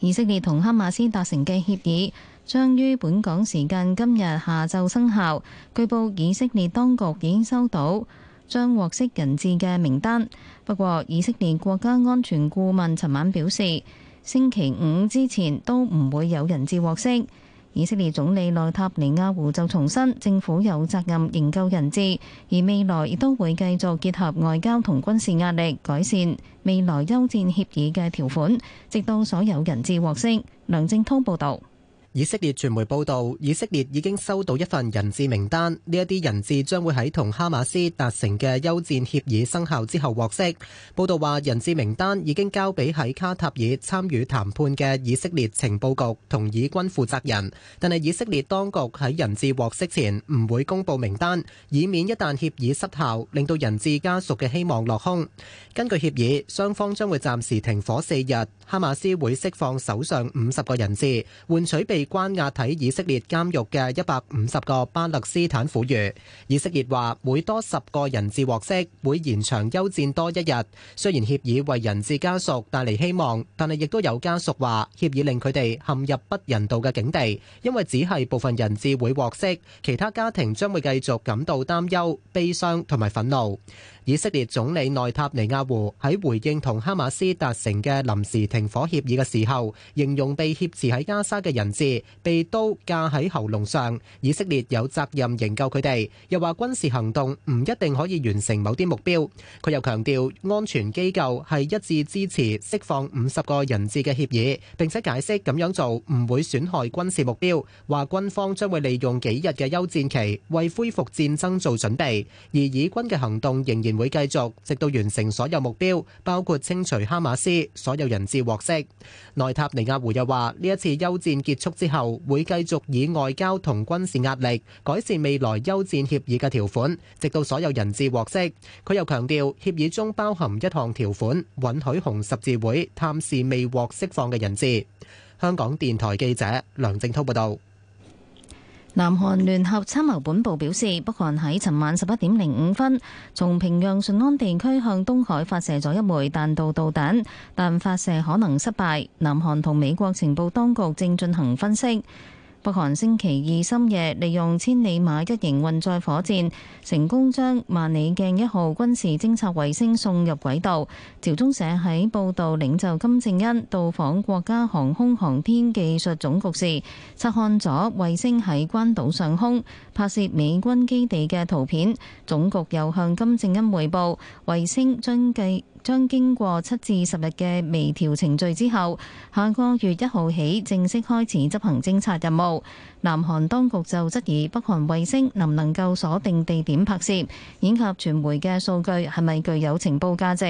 M: 以色列同哈馬斯達成嘅協議，將於本港時間今日下晝生效。據報以色列當局已經收到將獲釋人質嘅名單，不過以色列國家安全顧問尋晚表示，星期五之前都唔會有人質獲釋。以色列總理內塔尼亞胡就重申，政府有責任營救人質，而未來亦都會繼續結合外交同軍事壓力，改善未來休戰協議嘅條款，直到所有人質獲釋。梁正滔報導。
B: 以色列傳媒報道，以色列已經收到一份人質名單，呢一啲人質將會喺同哈馬斯達成嘅休戰協議生效之後獲釋。報道話，人質名單已經交俾喺卡塔爾參與談判嘅以色列情報局同以軍負責人，但係以色列當局喺人質獲釋前唔會公佈名單，以免一旦協議失效，令到人質家屬嘅希望落空。根據協議，雙方將會暫時停火四日，哈馬斯會釋放手上五十個人質，換取被關押喺以色列監獄嘅一百五十個巴勒斯坦婦孺，以色列話每多十個人質獲釋，會延長休戰多一日。雖然協議為人質家屬帶嚟希望，但係亦都有家屬話，協議令佢哋陷入不人道嘅境地，因為只係部分人質會獲釋，其他家庭將會繼續感到擔憂、悲傷同埋憤怒。以色列總理內塔尼亞胡喺回應同哈馬斯達成嘅臨時停火協議嘅時候，形容被挾持喺加沙嘅人質被刀架喺喉嚨上，以色列有責任營救佢哋。又話軍事行動唔一定可以完成某啲目標。佢又強調安全機構係一致支持釋放五十個人質嘅協議，並且解釋咁樣做唔會損害軍事目標。話軍方將會利用幾日嘅休戰期為恢復戰爭做準備，而以軍嘅行動仍然。會繼續直到完成所有目標，包括清除哈馬斯所有人質獲釋。內塔尼亞胡又話，呢一次休戰結束之後，會繼續以外交同軍事壓力改善未來休戰協議嘅條款，直到所有人質獲釋。佢又強調，協議中包含一項條款，允許紅十字會探視未獲釋放嘅人質。香港電台記者梁正濤報道。
M: 南韓聯合參謀本部表示，北韓喺尋晚十一點零五分，從平壤順安地區向東海發射咗一枚彈道導彈，但發射可能失敗。南韓同美國情報當局正進行分析。北韓星期二深夜利用千里馬一型運載火箭成功將萬里鏡一號軍事偵察衛星送入軌道。朝中社喺報道，領袖金正恩到訪國家航空航天技術總局時，察看咗衛星喺關島上空拍攝美軍基地嘅圖片。總局又向金正恩匯報，衛星將繼將經過七至十日嘅微調程序之後，下個月一號起正式開始執行偵察任務。南韓當局就質疑北韓衛星能唔能夠鎖定地點拍攝，以及傳媒嘅數據係咪具有情報價值。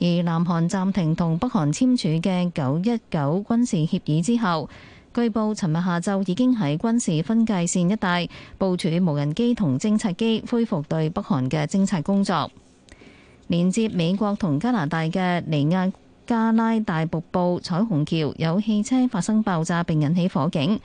M: 而南韓暫停同北韓簽署嘅九一九軍事協議之後，據報尋日下晝已經喺軍事分界線一帶部署無人機同偵察機，恢復對北韓嘅偵察工作。連接美國同加拿大嘅尼亞加拉大瀑布彩虹橋有汽車發生爆炸，並引起火警。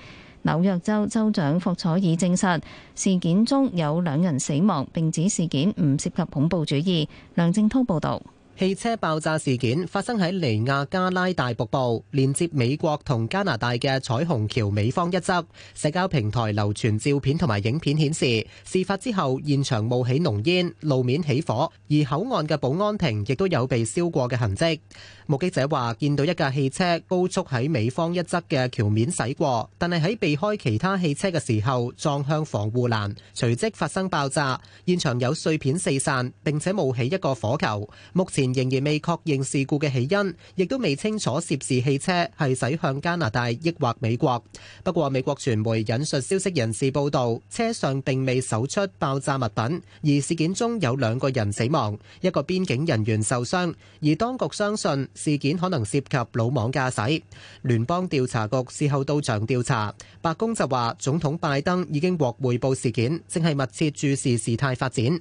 M: 紐約州州長霍楚爾證實事件中有兩人死亡，並指
B: 事件唔涉及恐怖主義。梁正濤報道。汽車爆炸事件發生喺尼亞加拉大瀑布，連接美國同加拿大嘅彩虹橋美方一側。社交平台流傳照片同埋影片顯示，事發之後現場冒起濃煙，路面起火，而口岸嘅保安亭亦都有被燒過嘅痕跡。目擊者話：見到一架汽車高速喺美方一側嘅橋面駛過，但係喺避開其他汽車嘅時候撞向防護欄，隨即發生爆炸。現場有碎片四散，並且冒起一個火球。目前仍然未確認事故嘅起因，亦都未清楚涉事汽車係駛向加拿大抑或美國。不過，美國傳媒引述消息人士報道，車上並未搜出爆炸物品，而事件中有兩個人死亡，一個邊境人員受傷，而當局相信，事件可能涉及魯莽駕駛，聯邦調查局事後到場調查。白宮就話，總統拜登已經獲匯報事件，正係密切注視事態發展。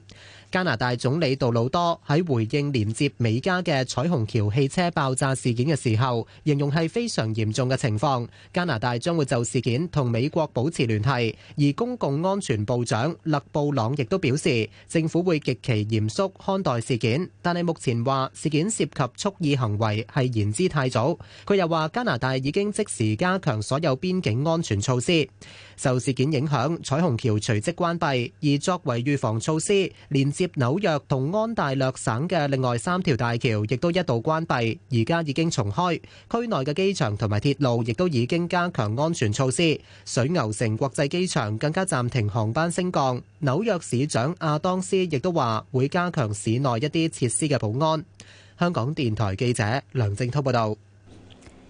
B: 加拿大總理杜魯多喺回應連接美加嘅彩虹橋汽車爆炸事件嘅時候，形容係非常嚴重嘅情況。加拿大將會就事件同美國保持聯繫，而公共安全部長勒布朗亦都表示，政府會極其嚴肅看待事件，但係目前話事件涉及蓄意行為係言之太早。佢又話加拿大已經即時加強所有邊境安全措施。受事件影響，彩虹橋隨即關閉，而作為預防措施，連接紐約同安大略省嘅另外三條大橋亦都一度關閉，而家已經重開。區內嘅機場同埋鐵路亦都已經加強安全措施。水牛城國際機場更加暫停航班升降。紐約市長阿當斯亦都話會加強市內一啲設施嘅保安。香港電台記者梁正濤報道。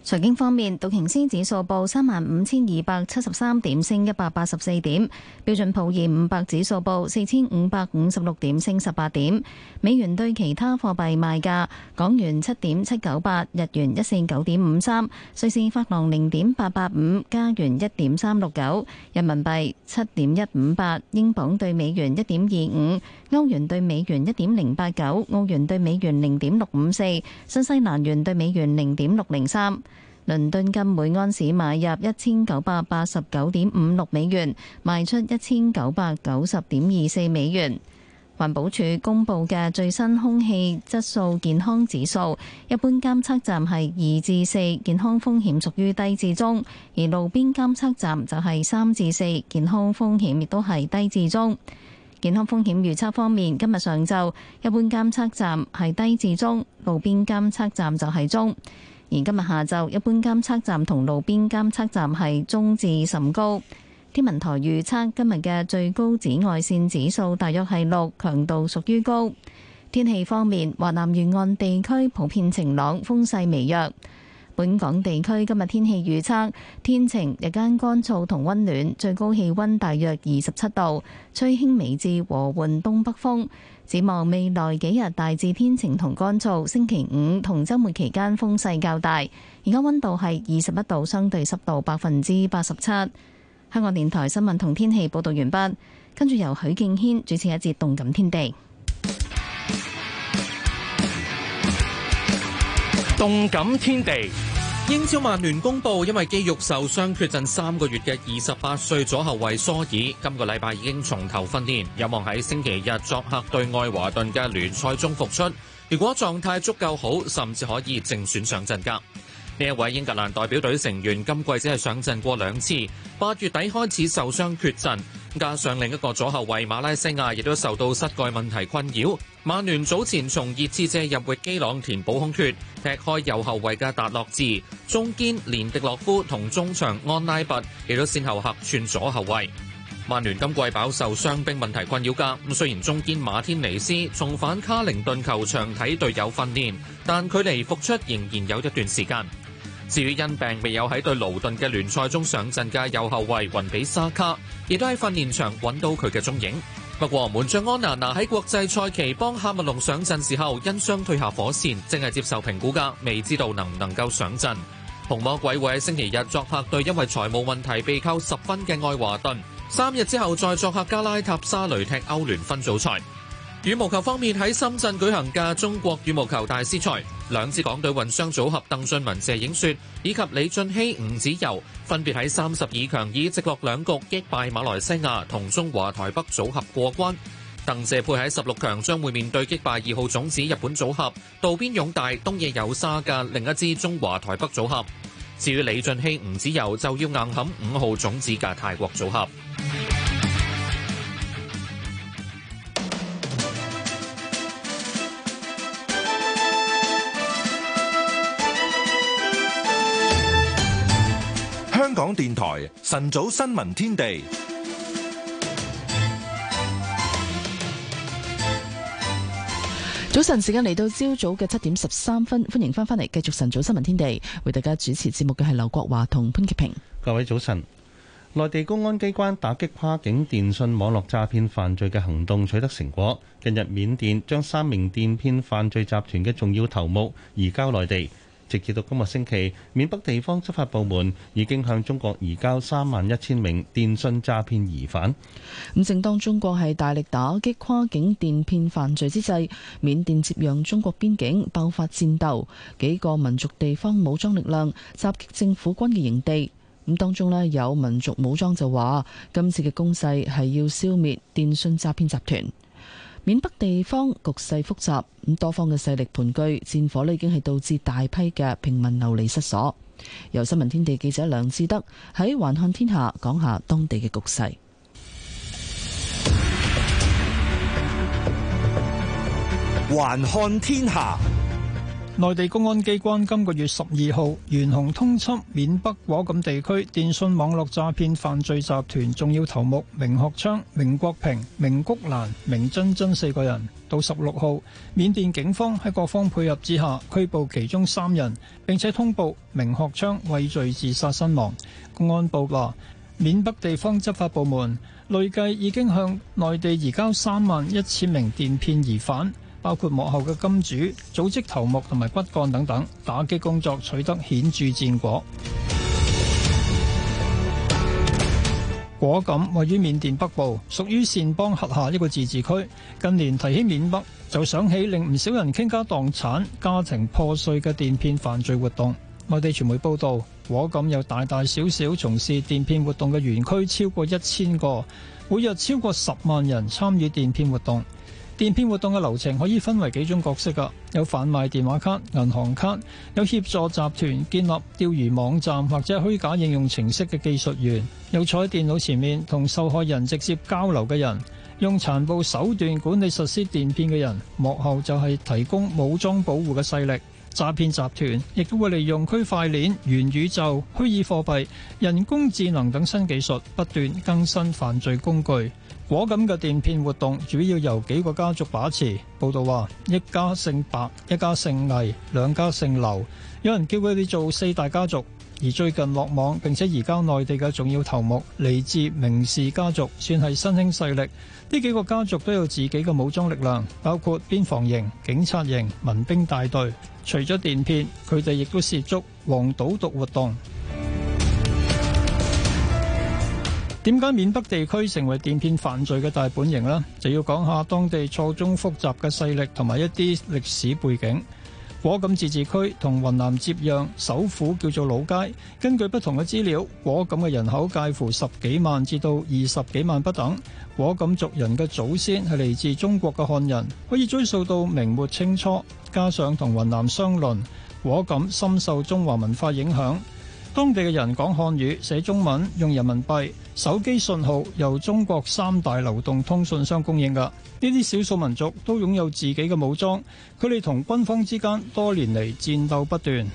M: 財經方面，道瓊斯指數報三萬五千二百七十三點，升一百八十四點；標準普爾五百指數報四千五百五十六點，升十八點。美元對其他貨幣賣價，港元七點七九八，日元一百四十九點五三，瑞士法郎零點八八五，加元一點三六九，人民幣七點一五八，英鎊對美元一點二五。歐元對美元一點零八九，澳元對美元零點六五四，新西蘭元對美元零點六零三。倫敦金每盎司買入一千九百八十九點五六美元，賣出一千九百九十點二四美元。環保署公布嘅最新空氣質素健康指數，一般監測站係二至四，健康風險屬於低至中；而路邊監測站就係三至四，健康風險亦都係低至中。健康風險預測方面，今日上晝一般監測站係低至中，路邊監測站就係中。而今日下晝一般監測站同路邊監測站係中至甚高。天文台預測今日嘅最高紫外線指數大約係六，強度屬於高。天氣方面，華南沿岸地區普遍晴朗，風勢微弱。本港地區今日天氣預測天晴，日間乾燥同温暖，最高氣温大約二十七度，吹輕微至和緩東北風。展望未來幾日大致天晴同乾燥，星期五同周末期間風勢較大。而家温度係二十一度，相對濕度百分之八十七。香港電台新聞同天氣報道完畢，跟住由許敬軒主持一節動感天地。
K: 動感天地。英超曼聯公布，因為肌肉受傷缺陣三個月嘅二十八歲左後衛梭爾，今個禮拜已經從頭訓練，有望喺星期日作客對愛華頓嘅聯賽中復出。如果狀態足夠好，甚至可以正選上陣噶。呢一位英格蘭代表隊成員今季只係上陣過兩次，八月底開始受傷缺陣，加上另一個左後衛馬拉西亞亦都受到膝蓋問題困擾。曼聯早前從熱刺借入域基朗填補空缺，踢開右後衛嘅達洛治，中堅連迪洛夫同中場安拉拔亦都先後客串左後衛。曼聯今季飽受傷兵問題困擾㗎，咁雖然中堅馬天尼斯重返卡靈頓球場睇隊友訓練，但距離復出仍然有一段時間。至於因病未有喺對勞頓嘅聯賽中上陣嘅右後衛雲比沙卡，亦都喺訓練場揾到佢嘅蹤影。不過門將安娜娜喺國際賽期幫喀麥隆上陣時候因傷退下火線，正係接受評估噶，未知道能唔能夠上陣。紅魔鬼會星期日作客對因為財務問題被扣十分嘅愛華頓，三日之後再作客加拉塔沙雷踢歐聯分組賽。羽毛球方面，喺深圳舉行嘅中國羽毛球大師賽。兩支港隊混雙組合鄧俊文謝影雪以及李俊熙吳子柔分別喺三十二強以直落兩局擊敗馬來西亞同中華台北組合過關。鄧謝配喺十六強將會面對擊敗二號種子日本組合渡邊勇大東野有沙嘅另一支中華台北組合。至於李俊熙吳子柔就要硬撼五號種子嘅泰國組合。
A: 香港電台晨早新聞天地，
C: 早晨時間嚟到朝早嘅七點十三分，歡迎翻返嚟繼續晨早新聞天地，為大家主持節目嘅係劉國華同潘潔平。
D: 各位早晨，內地公安機關打擊跨境電信網絡詐騙犯罪嘅行動取得成果，近日緬甸將三名電騙犯罪集團嘅重要頭目移交內地。直至到今日星期，緬北地方執法部門已經向中國移交三萬一千名電信詐騙疑犯。咁
C: 正當中國係大力打擊跨境電騙犯罪之際，緬甸接壤中國邊境爆發戰鬥，幾個民族地方武裝力量襲擊政府軍嘅營地。咁當中呢有民族武裝就話，今次嘅攻勢係要消滅電信詐騙集團。緬北地方局勢複雜，咁多方嘅勢力盤踞，戰火呢已經係導致大批嘅平民流離失所。由新聞天地記者梁志德喺《環看天下》講下當地嘅局勢。環
N: 看天下。內地公安機關今個月十二號懸紅通緝緬北果敢地區電信網絡詐騙犯罪集團重要頭目明學昌、明國平、明菊蘭、明珍珍四個人。到十六號，緬甸警方喺各方配合之下拘捕其中三人，並且通報明學昌畏罪自殺身亡。公安部話，緬北地方執法部門累計已經向內地移交三萬一千名電騙疑犯。包括幕後嘅金主、組織頭目同埋骨幹等等，打擊工作取得顯著戰果。 [NOISE] 果敢位於緬甸北部，屬於善邦轄下一個自治區。近年提起緬北，就想起令唔少人傾家蕩產、家庭破碎嘅電騙犯罪活動。內地傳媒報道，果敢有大大小小從事電騙活動嘅園區超過一千個，每日超過十萬人參與電騙活動。電騙活動嘅流程可以分為幾種角色㗎，有販賣電話卡、銀行卡，有協助集團建立釣魚網站或者虛假應用程式嘅技術員，有坐喺電腦前面同受害人直接交流嘅人，用殘暴手段管理實施電騙嘅人，幕後就係提供武裝保護嘅勢力。詐騙集團亦都會利用區塊鏈、元宇宙、虛擬貨幣、人工智能等新技術不斷更新犯罪工具。果敢嘅電騙活動，主要由幾個家族把持。報道話，一家姓白，一家姓魏，兩家姓劉。有人叫佢哋做四大家族。而最近落網並且移交內地嘅重要頭目，嚟自明氏家族，算係新興勢力。呢幾個家族都有自己嘅武裝力量，包括邊防營、警察營、民兵大隊。除咗電騙，佢哋亦都涉足黃賭毒活動。點解緬北地區成為電騙犯罪嘅大本營呢？就要講下當地錯綜複雜嘅勢力同埋一啲歷史背景。果敢自治區同雲南接壤，首府叫做老街。根據不同嘅資料，果敢嘅人口介乎十幾萬至到二十幾萬不等。果敢族人嘅祖先係嚟自中國嘅漢人，可以追溯到明末清初。加上同雲南相鄰，果敢深受中華文化影響。當地嘅人講漢語，寫中文，用人民幣。手機信號由中國三大流動通訊商供應嘅。呢啲少數民族都擁有自己嘅武裝，佢哋同軍方之間多年嚟戰鬥不斷。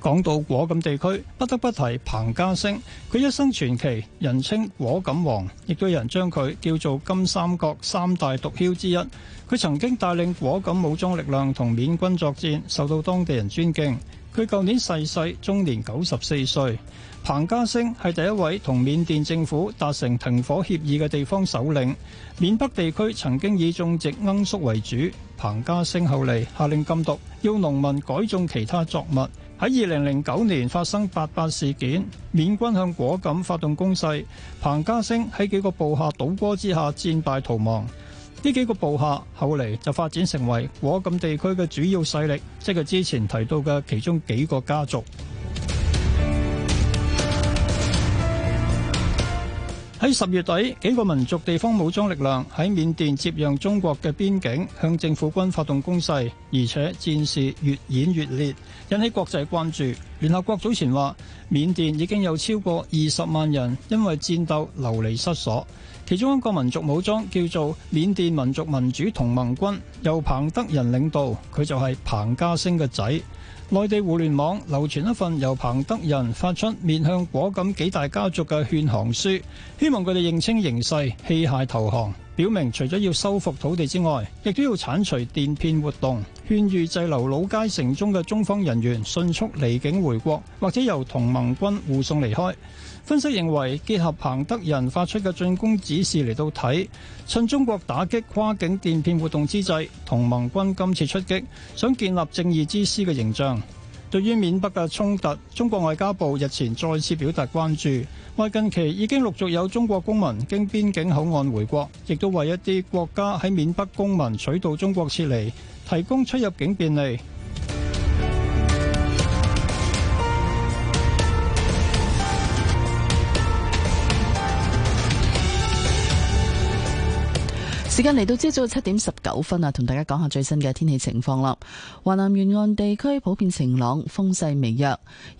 N: 講 [NOISE] 到果敢地區，不得不提彭家聲，佢一生傳奇，人稱果敢王，亦都有人將佢叫做金三角三大毒梟之一。佢曾經帶領果敢武裝力量同緬軍作戰，受到當地人尊敬。佢舊年逝世，世，終年九十四歲。彭家升係第一位同緬甸政府達成停火協議嘅地方首領。緬北地區曾經以種植罌粟為主，彭家升後嚟下令禁毒，要農民改種其他作物。喺二零零九年發生八八事件，緬軍向果敢發動攻勢，彭家升喺幾個部下倒戈之下戰敗逃亡。呢幾個部下後嚟就發展成為果敢地區嘅主要勢力，即係之前提到嘅其中幾個家族。喺十月底，幾個民族地方武裝力量喺緬甸接壤中國嘅邊境向政府軍發動攻勢，而且戰事越演越烈，引起國際關注。聯合國早前話緬甸已經有超過二十萬人因為戰鬥流離失所。其中一個民族武裝叫做緬甸民族民主同盟軍由彭德仁領導，佢就係彭家聲嘅仔。內地互聯網流傳一份由彭德仁發出面向果敢幾大家族嘅勸降書，希望佢哋認清形勢，棄械投降。表明除咗要收復土地之外，亦都要剷除電騙活動，勸喻滯留老街城中嘅中方人員迅速離境回國，或者由同盟軍護送離開。分析認為，結合彭德仁發出嘅進攻指示嚟到睇，趁中國打擊跨境電騙活動之際，同盟軍今次出擊，想建立正義之師嘅形象。對於緬北嘅衝突，中國外交部日前再次表達關注。而近期已經陸續有中國公民經邊境口岸回國，亦都為一啲國家喺緬北公民取道中國撤離，提供出入境便利。
C: 時間嚟到朝早七點十九分啊，同大家講下最新嘅天氣情況啦。華南沿岸地區普遍晴朗，風勢微弱。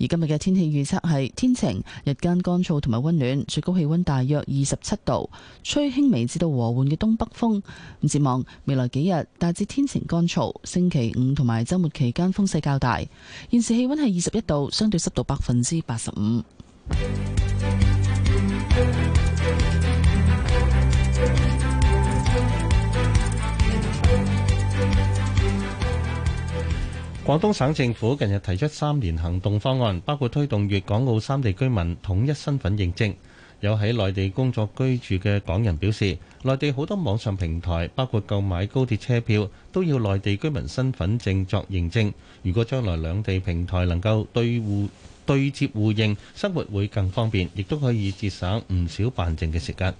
C: 而今日嘅天氣預測係天晴，日間乾燥同埋溫暖，最高氣溫大約二十七度，吹輕微至到和緩嘅東北風。咁展望未來幾日大致天晴乾燥，星期五同埋周末期間風勢較大。現時氣溫係二十一度，相對濕度百分之八十五。 [MUSIC]
D: 廣東省政府近日提出三年行動方案，包括推動粵港澳三地居民統一身份認證，有喺內地工作居住嘅港人表示，內地好多網上平台，包括購買高鐵車票，都要內地居民身份證作認證，如果將來兩地平台能夠對戶對接互認，生活會更方便，亦都可以節省唔少辦證嘅時間。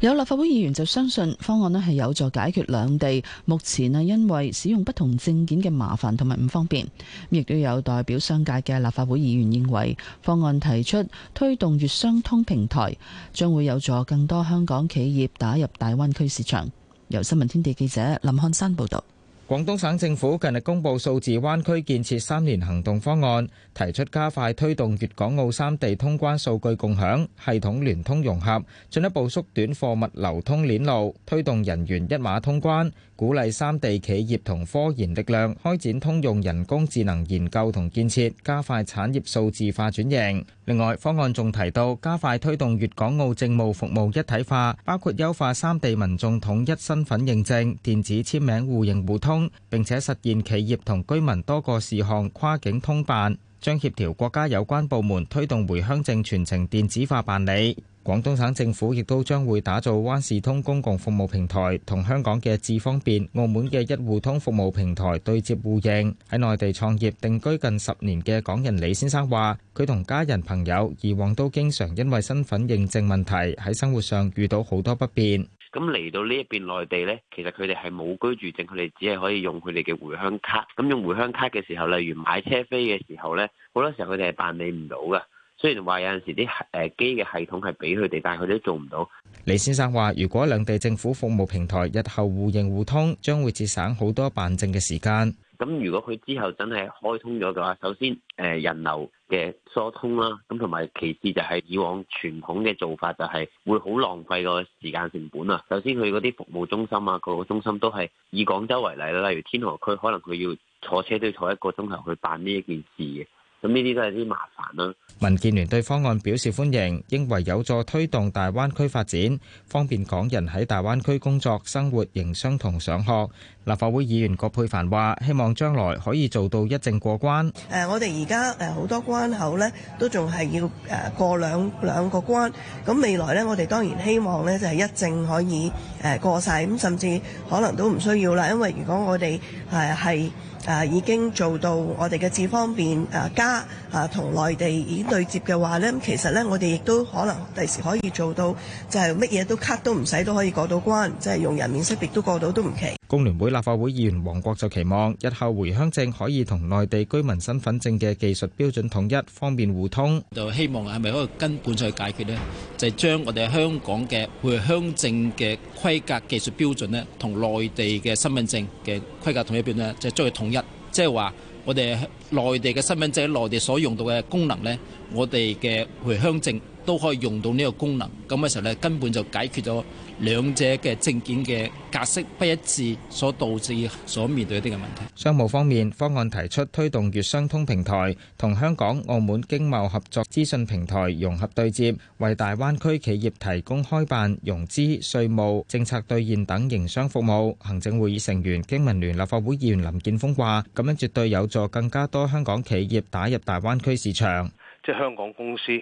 C: 有立法會議員就相信方案呢係有助解決兩地目前啊因為使用不同證件嘅麻煩同埋唔方便。亦都有代表商界嘅立法會議員認為方案提出推動粵商通平台，將會有助更多香港企業打入大灣區市場。由新聞天地記者林漢山報導。
O: 廣東省政府近日公布數字灣區建設三年行動方案。提出加快推動粵港澳三地通關數據共享、系統聯通融合，進一步縮短貨物流通鏈路，推動人員一碼通關，鼓勵三地企業同科研力量開展通用人工智能研究同建設，加快產業數字化轉型。另外，方案仲提到加快推動粵港澳政務服務一體化，包括優化三地民眾統一身份認證、電子簽名互認互通，並且實現企業同居民多個事項跨境通辦。將協調國家有關部門推動回鄉證全程電子化辦理。廣東省政府亦都將會打造灣事通公共服務平台，同香港嘅智方便、澳門嘅一戶通服務平台對接互認。喺內地創業定居近十年嘅港人李先生話，佢同家人朋友以往都經常因為身份認證問題喺生活上遇到好多不便。
J: 咁嚟到呢一邊內地咧，其實佢哋係冇居住證，佢哋只係可以用佢哋嘅回鄉卡。咁用回鄉卡嘅時候，例如買車飛嘅時候咧，好多時候佢哋係辦理唔到㗎。雖然話有陣時啲誒機嘅系統係俾佢哋，但係佢哋都做唔到。
O: 李先生話，如果兩地政府服務平台日後互認互通，將會節省好多辦證嘅時間。
J: 咁如果佢之後真係開通咗嘅話，首先誒人流嘅疏通啦，咁同埋其次就係以往傳統嘅做法，就係會好浪費個時間成本啊。首先佢嗰啲服務中心啊，個個中心都係以廣州為例啦，例如天河區，可能佢要坐車都要坐一個鐘頭去辦呢一件事嘅。咁呢啲都係啲麻煩
O: 啦。民建聯對方案表示歡迎，認為有助推動大灣區發展，方便港人喺大灣區工作、生活、營商同上學。立法會議員葛珮帆話：希望將來可以做到一證過關。
H: 誒，我哋而家誒好多關口咧，都仲係要誒過兩兩個關。咁未來咧，我哋當然希望咧就係一證可以誒過曬，咁甚至可能都唔需要啦。因為如果我哋誒係誒已經做到我哋嘅智方便誒加誒同內地已經對接嘅話呢，其實呢，我哋亦都可能第時可以做到就都 cut, 都，就係乜嘢都卡都唔使都可以過到關，即係用人面識別都過到都唔奇。
O: 工聯會立法會議員黃國就期望日後回鄉證可以同內地居民身份證嘅技術標準統一，方便互通。就希望係咪可以根本上去解決呢？就係、是、將我哋香港嘅回鄉證嘅規格技術標準呢，同內地嘅身份證嘅規格同一標準呢，就將、是、佢統。即係話，我哋內地嘅身份證，喺內地所用到嘅功能咧，我哋嘅回鄉證都可以用到呢個功能，咁嘅時候咧，根本就解決咗。兩者嘅證件嘅格式不一致，所導致所面對一啲嘅問題。商務方面，方案提出推動粵商通平台同香港、澳門經貿合作資訊平台融合對接，為大灣區企業提供開辦、融資、稅務、政策兌現等營商服務。行政會議成員、經民聯立法會議員林建峰話：咁樣絕對有助更加多香港企業打入大灣區市場，
I: 即係香港公司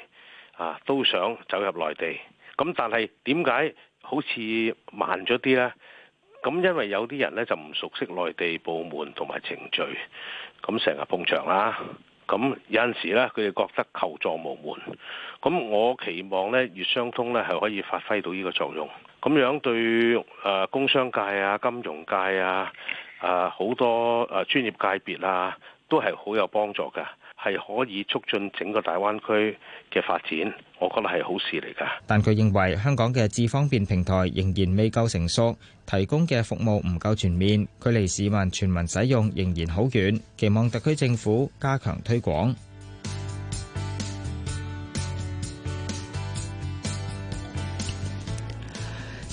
I: 啊都想走入內地。咁但係點解？好似慢咗啲咧，咁因為有啲人呢就唔熟悉內地部門同埋程序，咁成日碰牆啦，咁有陣時呢，佢哋覺得求
K: 助無門，咁我期望呢粵商通呢係可以發揮到呢個作用，
I: 咁樣對誒工商界啊、金融界啊、啊好多誒專業界別啊，都係好有幫助噶。係可以促進整個大灣區嘅發展，我覺得係好事嚟㗎。
O: 但佢認為香港嘅智方便平台仍然未夠成熟，提供嘅服務唔夠全面，距離市民全民使用仍然好遠。期望特區政府加強推廣。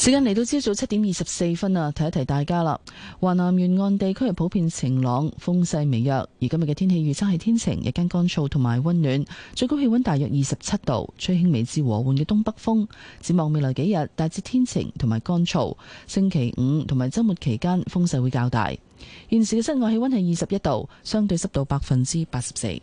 C: 時間嚟到朝早七點二十四分啊，提一提大家啦。華南沿岸地區係普遍晴朗，風勢微弱。而今日嘅天氣預測係天晴，日間乾燥同埋溫暖，最高氣溫大約二十七度，吹輕微至和緩嘅東北風。展望未來幾日，大致天晴同埋乾燥。星期五同埋周末期間，風勢會較大。現時嘅室外氣溫係二十一度，相對濕度百分之八十四。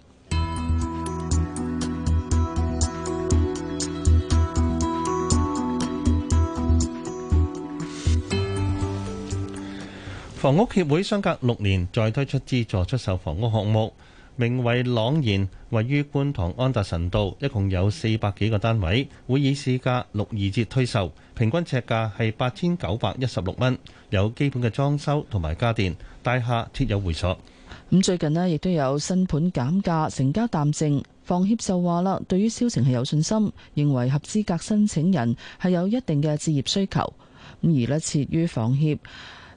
D: 房屋協會相隔六年再推出資助出售房屋項目，名為朗然，位於觀塘安達臣道，一共有四百幾個單位，會以市價六二折推售，平均尺價係八千九百一十六蚊，有基本嘅裝修同埋家電，大廈設有會所。
C: 咁最近呢亦都有新盤減價，成交淡靜。房協就話啦，對於銷情係有信心，認為合資格申請人係有一定嘅置業需求。咁而呢設於房協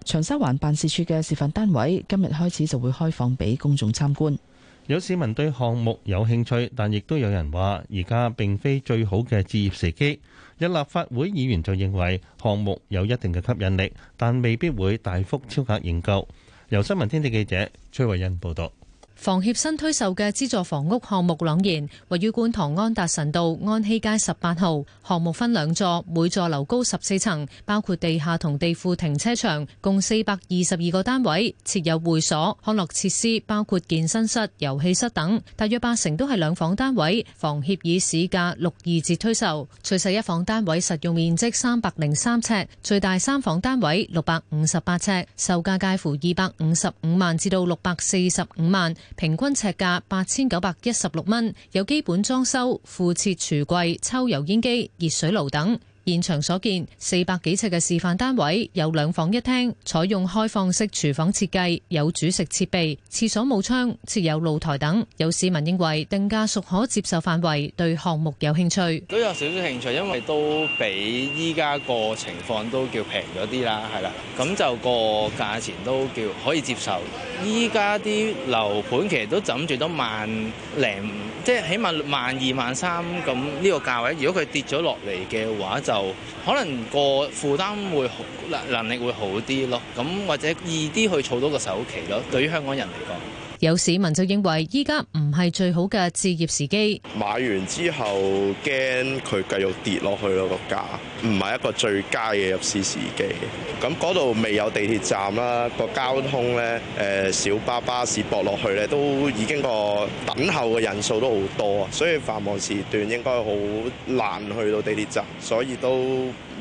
C: 長沙灣辦事處嘅示範單位今日開始就會開放俾公眾參觀。
D: 有市民對項目有興趣，但亦都有人話而家並非最好嘅置業時機。有立法會議員就認為項目有一定嘅吸引力，但未必會大幅超額認購。由新聞天地記者崔慧欣報道。
G: 房協新推售嘅資助房屋項目朗然，位於觀塘安達臣道安熙街十八號，項目分兩座，每座樓高十四層，包括地下同地庫停車場，共四百二十二個單位，設有會所康樂設施，包括健身室、遊戲室等。大約八成都係兩房單位，房協以市價六二折推售。最細一房單位實用面積三百零三尺，最大三房單位六百五十八尺，售價介乎二百五十五萬至到六百四十五萬。平均尺價八千九百一十六蚊，有基本裝修、附設廚櫃、抽油煙機、熱水爐等。現場所見，四百幾尺嘅示範單位有兩房一廳，採用開放式廚房設計，有煮食設備，廁所冇窗，設有露台等。有市民認為定價屬可接受範圍，對項目有興趣。
I: 都有少少興趣，因為都比依家個情況都叫平咗啲啦，係啦，咁就個價錢都叫可以接受。依家啲樓盤其實都枕住都萬零，即係起碼萬二萬三咁呢個價位。如果佢跌咗落嚟嘅話，就就可能個負擔會好能能力會好啲咯，咁或者易啲去儲到個首期咯，對於香港人嚟講。
G: 有市民就認為，依家唔係最好嘅置業時機。
I: 買完之後，驚佢繼續跌落去咯，個價唔係一個最佳嘅入市時機。咁嗰度未有地鐵站啦，個交通咧，誒、呃、小巴、巴士駁落去咧，都已經個等候嘅人數都好多啊，所以繁忙時段應該好難去到地鐵站，所以都。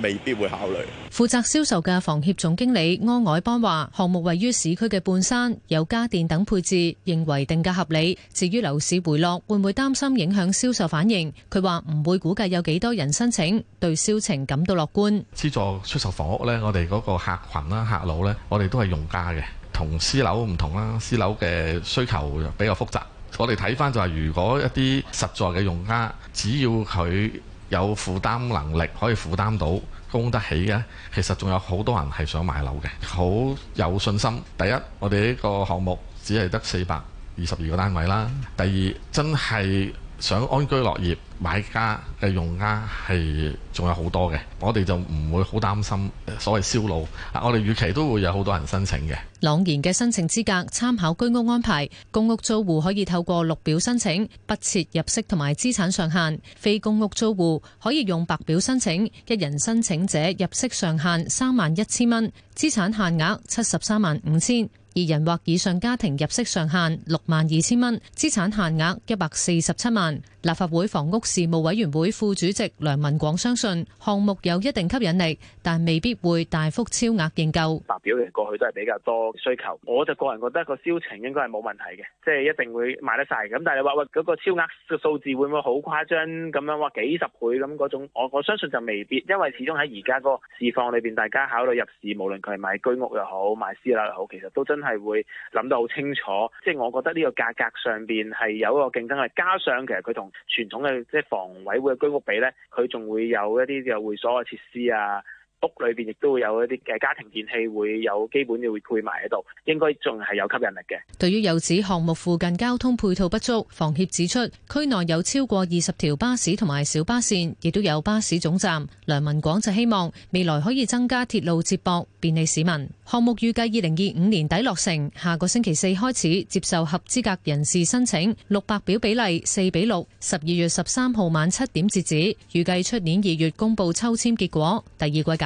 I: 未必會
G: 考慮。負責銷售嘅房協總經理安凱邦話，項目位於市區嘅半山，有家電等配置，認為定價合理。至於樓市回落，會唔會擔心影響銷售反應？佢話唔會，估計有幾多人申請，對銷情感到樂觀。
K: 資助出售房屋咧，我哋嗰個客群啦、客路咧，我哋都係用家嘅，同私樓唔同啦。私樓嘅需求比較複雜，我哋睇翻就係如果一啲實在嘅用家，只要佢。有負擔能力，可以負擔到，供得起嘅，其實仲有好多人係想買樓嘅，好有信心。第一，我哋呢個項目只係得四百二十二個單位啦；第二，真係。想安居樂業，買家嘅用家係仲有好多嘅，我哋就唔會好擔心所謂銷路。我哋預期都會有好多人申請嘅。
G: 朗然嘅申請資格參考居屋安排，公屋租戶可以透過綠表申請，不設入息同埋資產上限；非公屋租戶可以用白表申請，一人申請者入息上限三萬一千蚊，資產限額七十三萬五千。二人或以上家庭入息上限六萬二千蚊，資產限額一百四十七萬。立法會房屋事務委員會副主席梁文廣相信項目有一定吸引力，但未必會大幅超額認購。代
J: 表嘅過去都係比較多需求，我就個人覺得個銷情應該係冇問題嘅，即係一定會賣得晒。咁但係你話話嗰個超額嘅數字會唔會好誇張咁樣話幾十倍咁嗰種，我我相信就未必，因為始終喺而家個市況裏邊，大家考慮入市，無論佢係買居屋又好買私樓又好，其實都真係會諗得好清楚。即係我覺得呢個價格上邊係有一個競爭力，加上其實佢同傳統嘅即係房委會嘅居屋比咧，佢仲會有一啲嘅會所嘅設施啊。屋裏邊亦都會有一啲嘅家庭電器，會有基本嘅會配埋喺度，應該仲係有吸引
G: 力嘅。對於有指項目附近交通配套不足，房協指出區內有超過二十條巴士同埋小巴線，亦都有巴士總站。梁文廣就希望未來可以增加鐵路接駁，便利市民。項目預計二零二五年底落成，下個星期四開始接受合資格人士申請，六百表比例四比六，十二月十三號晚七點截止，預計出年二月公布抽籤結果，第二季解。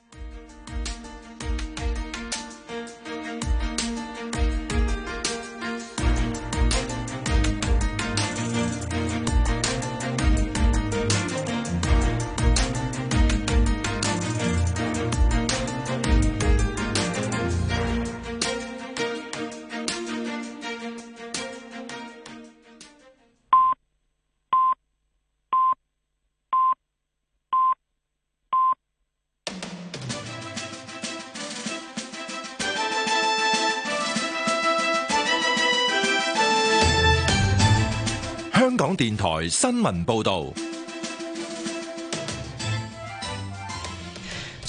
A: 電台新聞報道。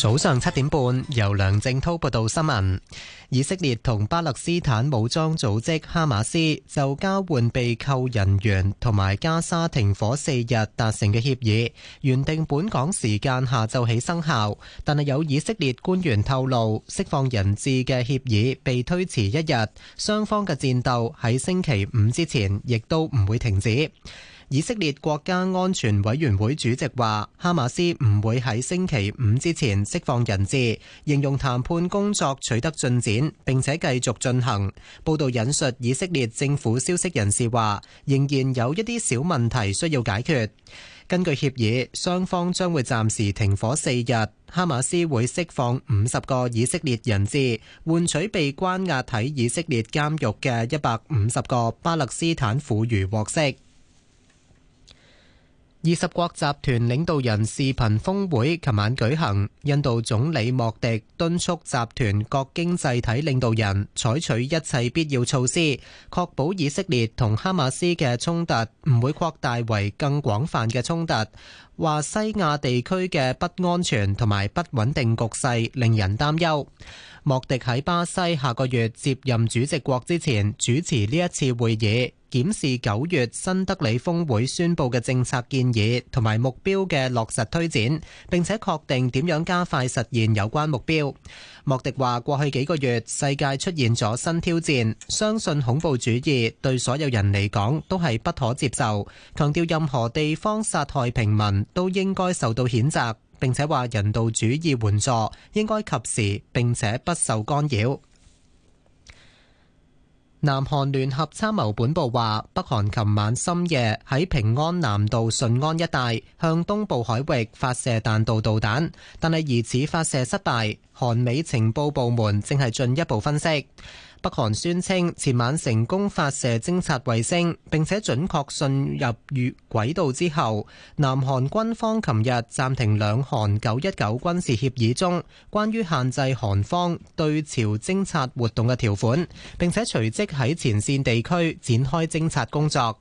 B: 早上七點半，由梁正濤報道新聞。以色列同巴勒斯坦武裝組織哈馬斯就交換被扣人員同埋加沙停火四日達成嘅協議。原定本港時間下晝起生效，但係有以色列官員透露，釋放人質嘅協議被推遲一日，雙方嘅戰鬥喺星期五之前亦都唔會停止。以色列國家安全委員會主席話，哈馬斯唔會喺星期五之前釋放人質，形容談判工作取得進展，並且繼續進行。報道引述以色列政府消息人士話，仍然有一啲小問題需要解決。根據協議，雙方將會暫時停火四日，哈馬斯會釋放五十個以色列人質，換取被關押喺以色列監獄嘅一百五十個巴勒斯坦婦孺獲釋。二十國集團領導人視頻峰會琴晚舉行，印度總理莫迪敦促集團各經濟體領導人採取一切必要措施，確保以色列同哈馬斯嘅衝突唔會擴大為更廣泛嘅衝突。話西亞地區嘅不安全同埋不穩定局勢令人擔憂。莫迪喺巴西下個月接任主席國之前主持呢一次會議，檢視九月新德里峰會宣佈嘅政策建議同埋目標嘅落實推展，並且確定點樣加快實現有關目標。莫迪話：過去幾個月世界出現咗新挑戰，相信恐怖主義對所有人嚟講都係不可接受，強調任何地方殺害平民都應該受到譴責。並且話人道主義援助應該及時，並且不受干擾。南韓聯合參謀本部話，北韓琴晚深夜喺平安南道順安一帶向東部海域發射彈道導彈，但係疑似發射失敗。韓美情報部門正係進一步分析。北韓宣稱前晚成功發射偵察衛星，並且準確進入月軌道之後，南韓軍方琴日暫停兩韓九一九軍事協議中關於限制韓方對朝偵察活動嘅條款，並且隨即喺前線地區展開偵察工作。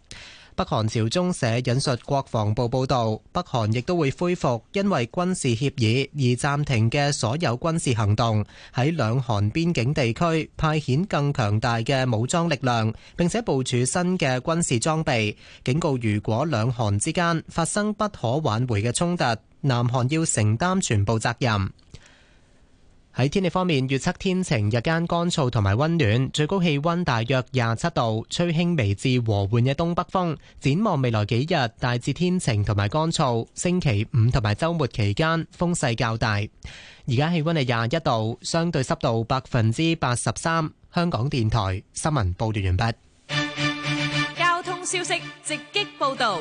B: 北韓朝中社引述國防部報導，北韓亦都會恢復因為軍事協議而暫停嘅所有軍事行動，喺兩韓邊境地區派遣更強大嘅武裝力量，並且部署新嘅軍事裝備，警告如果兩韓之間發生不可挽回嘅衝突，南韓要承擔全部責任。喺天氣方面，預測天晴，日間乾燥同埋溫暖，最高氣溫大約廿七度，吹輕微至和緩嘅東北風。展望未來幾日，大致天晴同埋乾燥。星期五同埋周末期間，風勢較大。而家氣溫係廿一度，相對濕度百分之八十三。香港電台新聞報道完畢。
G: 交通消息直擊報道。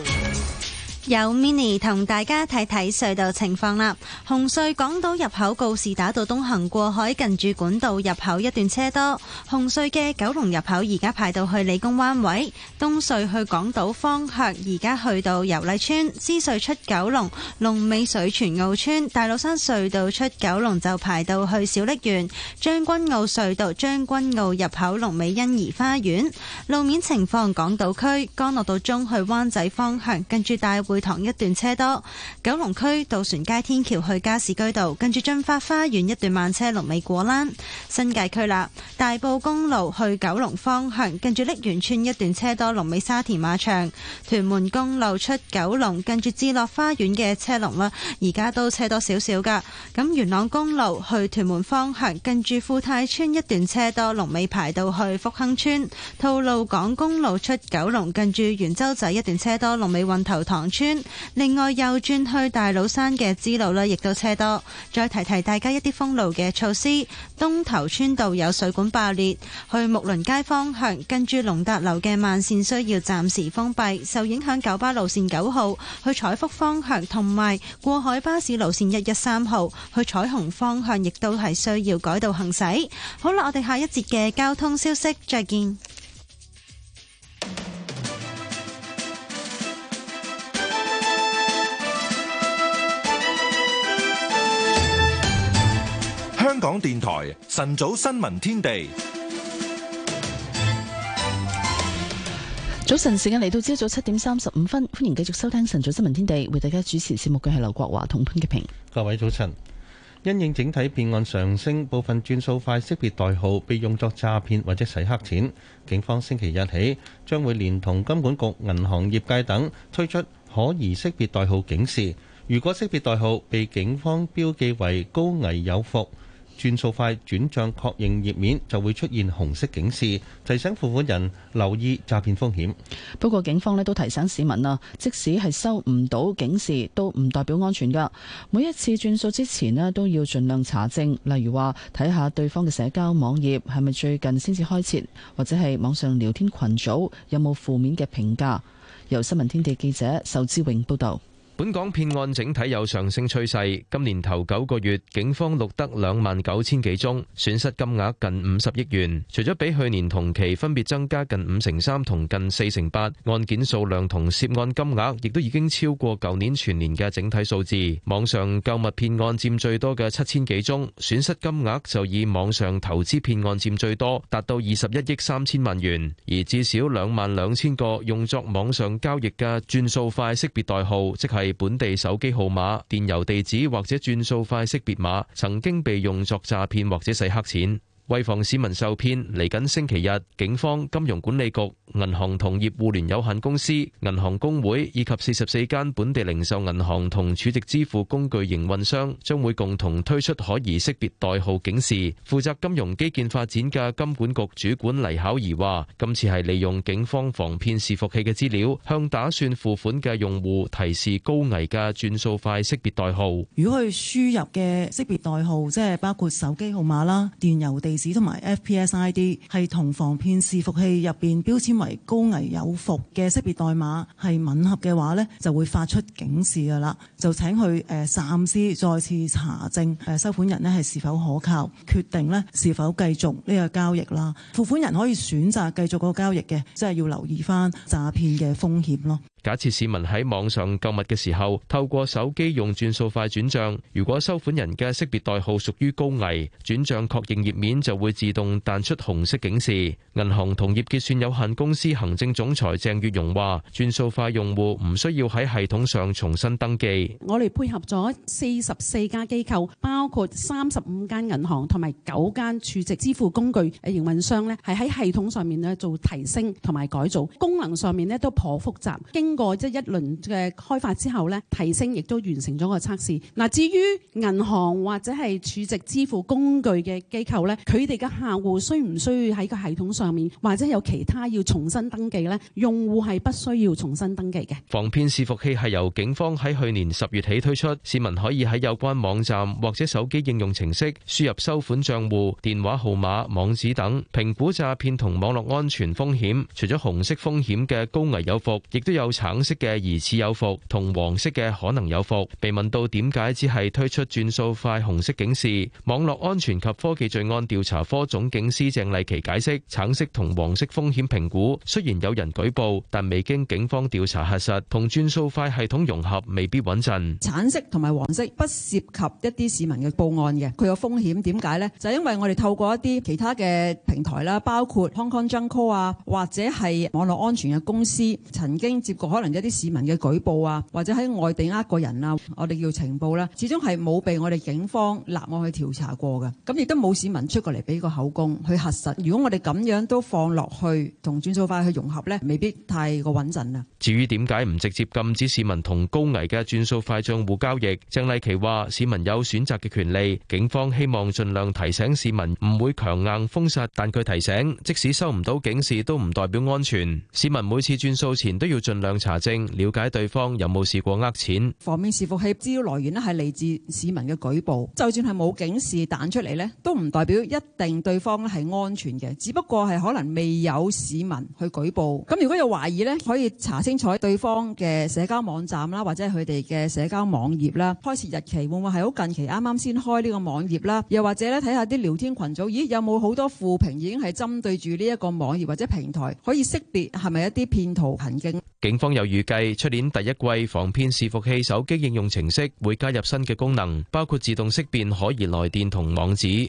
L: 有 Mini 同大家睇睇隧道情況啦。紅隧港島入口告士打道東行過海，近住管道入口一段車多。紅隧嘅九龍入口而家排到去理工彎位。東隧去港島方向，而家去到油麗邨。獅隧出九龍龍尾水泉澳邨，大老山隧道出九龍就排到去小瀝源。將軍澳隧道將軍澳入口龍尾欣怡花園。路面情況，港島區干諾道中去灣仔方向，跟住大會堂一段車多，九龍區渡船街天橋去加士居道，跟住駿發花園一段慢車龍尾果欄，新界區啦，大埔公路去九龍方向，跟住瀝源村一段車多龍尾沙田馬場，屯門公路出九龍，跟住智樂花園嘅車龍啦，而家都車多少少噶，咁元朗公路去屯門方向，跟住富泰村一段車多龍尾排到去福亨村，吐露港公路出九龍，跟住元洲仔一段車多龍尾運頭塘。另外，右轉去大老山嘅支路呢，亦都車多。再提提大家一啲封路嘅措施：東頭村道有水管爆裂，去木倫街方向跟住龍達樓嘅慢線需要暫時封閉，受影響九巴路線九號去彩福方向，同埋過海巴士路線一一三號去彩虹方向，亦都係需要改道行駛。好啦，我哋下一節嘅交通消息，再見。
A: 香港電台晨早新聞天地，
C: 早晨時間嚟到，朝早七點三十五分，歡迎繼續收聽晨早新聞天地。為大家主持節目嘅係劉國華同潘潔平。
D: 各位早晨，
C: 因應整
D: 體騙案上升，部分轉數快識別代號被用作詐騙或者洗黑錢，警方星期日起將會連同金管局、銀行業界等推出可疑識別代號警示。如果識別代號被警方標記為高危有伏。轉數快轉賬確認頁面就會出現紅色警示，提醒付款人留意詐騙風險。
C: 不過警方咧，都提醒市民啊，即使係收唔到警示，都唔代表安全噶每一次轉數之前咧，都要儘量查證，例如話睇下對方嘅社交網頁係咪最近先至開設，或者係網上聊天群組有冇負面嘅評價。由新聞天地記者仇志永報導。
I: 本港騙案整體有上升趨勢，今年頭九個月，警方錄得兩萬九千幾宗，損失金額近五十億元。除咗比去年同期分別增加近五成三同近四成八，案件數量同涉案金額亦都已經超過舊年全年嘅整體數字。網上購物騙案佔最多嘅七千幾宗，損失金額就以網上投資騙案佔最多，達到二十一億三千萬元。而至少兩萬兩千個用作網上交易嘅轉數快識別代號，即係。本地手機號碼、電郵地址或者轉數快識別碼，曾經被用作詐騙或者洗黑錢。為防市民受騙，嚟緊星期日，警方、金融管理局、銀行同業互聯有限公司、銀行工會以及四十四間本地零售銀行同儲值支付工具營運商將會共同推出可疑識別代號警示。負責金融基建發展嘅金管局主管黎巧儀話：今次係利用警方防騙伺服器嘅資料，向打算付款嘅用戶提示高危嘅轉數快識別代號。
P: 如果佢輸入嘅識別代號，即係包括手機號碼啦、電郵地。紙同埋 FPS ID 係同防騙伺服器入邊標籤為高危有伏嘅識別代碼係吻合嘅話咧，就會發出警示噶啦，就請佢誒暫時再次查證誒收款人咧係是否可靠，決定咧是否繼續呢個交易啦。付款人可以選擇繼續個交易嘅，即係要留意翻詐騙嘅風險咯。
I: 假設市民喺網上購物嘅時候，透過手機用轉數快轉帳，如果收款人嘅識別代號屬於高危，轉帳確認頁面就會自動彈出紅色警示。銀行同業結算有限公司行政總裁鄭月容話：轉數快用戶唔需要喺系統上重新登記。
P: 我哋配合咗四十四家機構，包括三十五間銀行同埋九間儲值支付工具營運商咧，係喺系統上面咧做提升同埋改造，功能上面咧都頗複雜。經通過即一輪嘅開發之後咧，提升亦都完成咗個測試。嗱，至於銀行或者係儲值支付工具嘅機構咧，佢哋嘅客戶需唔需要喺個系統上面或者有其他要重新登記咧？用戶係不需要重新登記嘅。
I: 防騙視伏器係由警方喺去年十月起推出，市民可以喺有關網站或者手機應用程式輸入收款賬戶、電話號碼、網址等，評估詐騙同網絡安全風險，除咗紅色風險嘅高危有伏，亦都有。橙色嘅疑似有伏同黃色嘅可能有伏，被問到點解只係推出轉數快紅色警示，網絡安全及科技罪案調查科總警司鄭麗琪解釋：橙色同黃色風險評估雖然有人舉報，但未經警方調查核實，同轉數快系統融合未必穩陣。
P: 橙色同埋黃色不涉及一啲市民嘅報案嘅，佢有風險點解呢？就因為我哋透過一啲其他嘅平台啦，包括 Hong Kong Junco 啊，或者係網絡安全嘅公司曾經接過。可能有啲市民嘅舉報啊，或者喺外地呃過人啊，我哋叫情報啦，始終係冇被我哋警方立案去調查過嘅，咁亦都冇市民出過嚟俾個口供去核實。如果我哋咁樣都放落去同轉數快去融合咧，未必太過穩陣啊。
I: 至於點解唔直接禁止市民同高危嘅轉數快帳戶交易？鄭麗琪話：市民有選擇嘅權利，警方希望儘量提醒市民，唔會強硬封殺。但佢提醒，即使收唔到警示，都唔代表安全。市民每次轉數前都要儘量。查證了解，對方有冇試過呃錢。
P: 防騙視伏器資料來源咧係嚟自市民嘅舉報，就算係冇警示彈出嚟呢，都唔代表一定對方咧係安全嘅，只不過係可能未有市民去舉報。咁如果有懷疑呢，可以查清楚對方嘅社交網站啦，或者佢哋嘅社交網頁啦，開設日期會唔會係好近期？啱啱先開呢個網頁啦，又或者咧睇下啲聊天群組，咦，有冇好多負評已經係針對住呢一個網頁或者平台？可以識別係咪一啲騙徒行徑？
I: 警方有預計，出年第一季防騙視伺服器手機應用程式會加入新嘅功能，包括自動識別可疑來電同網址。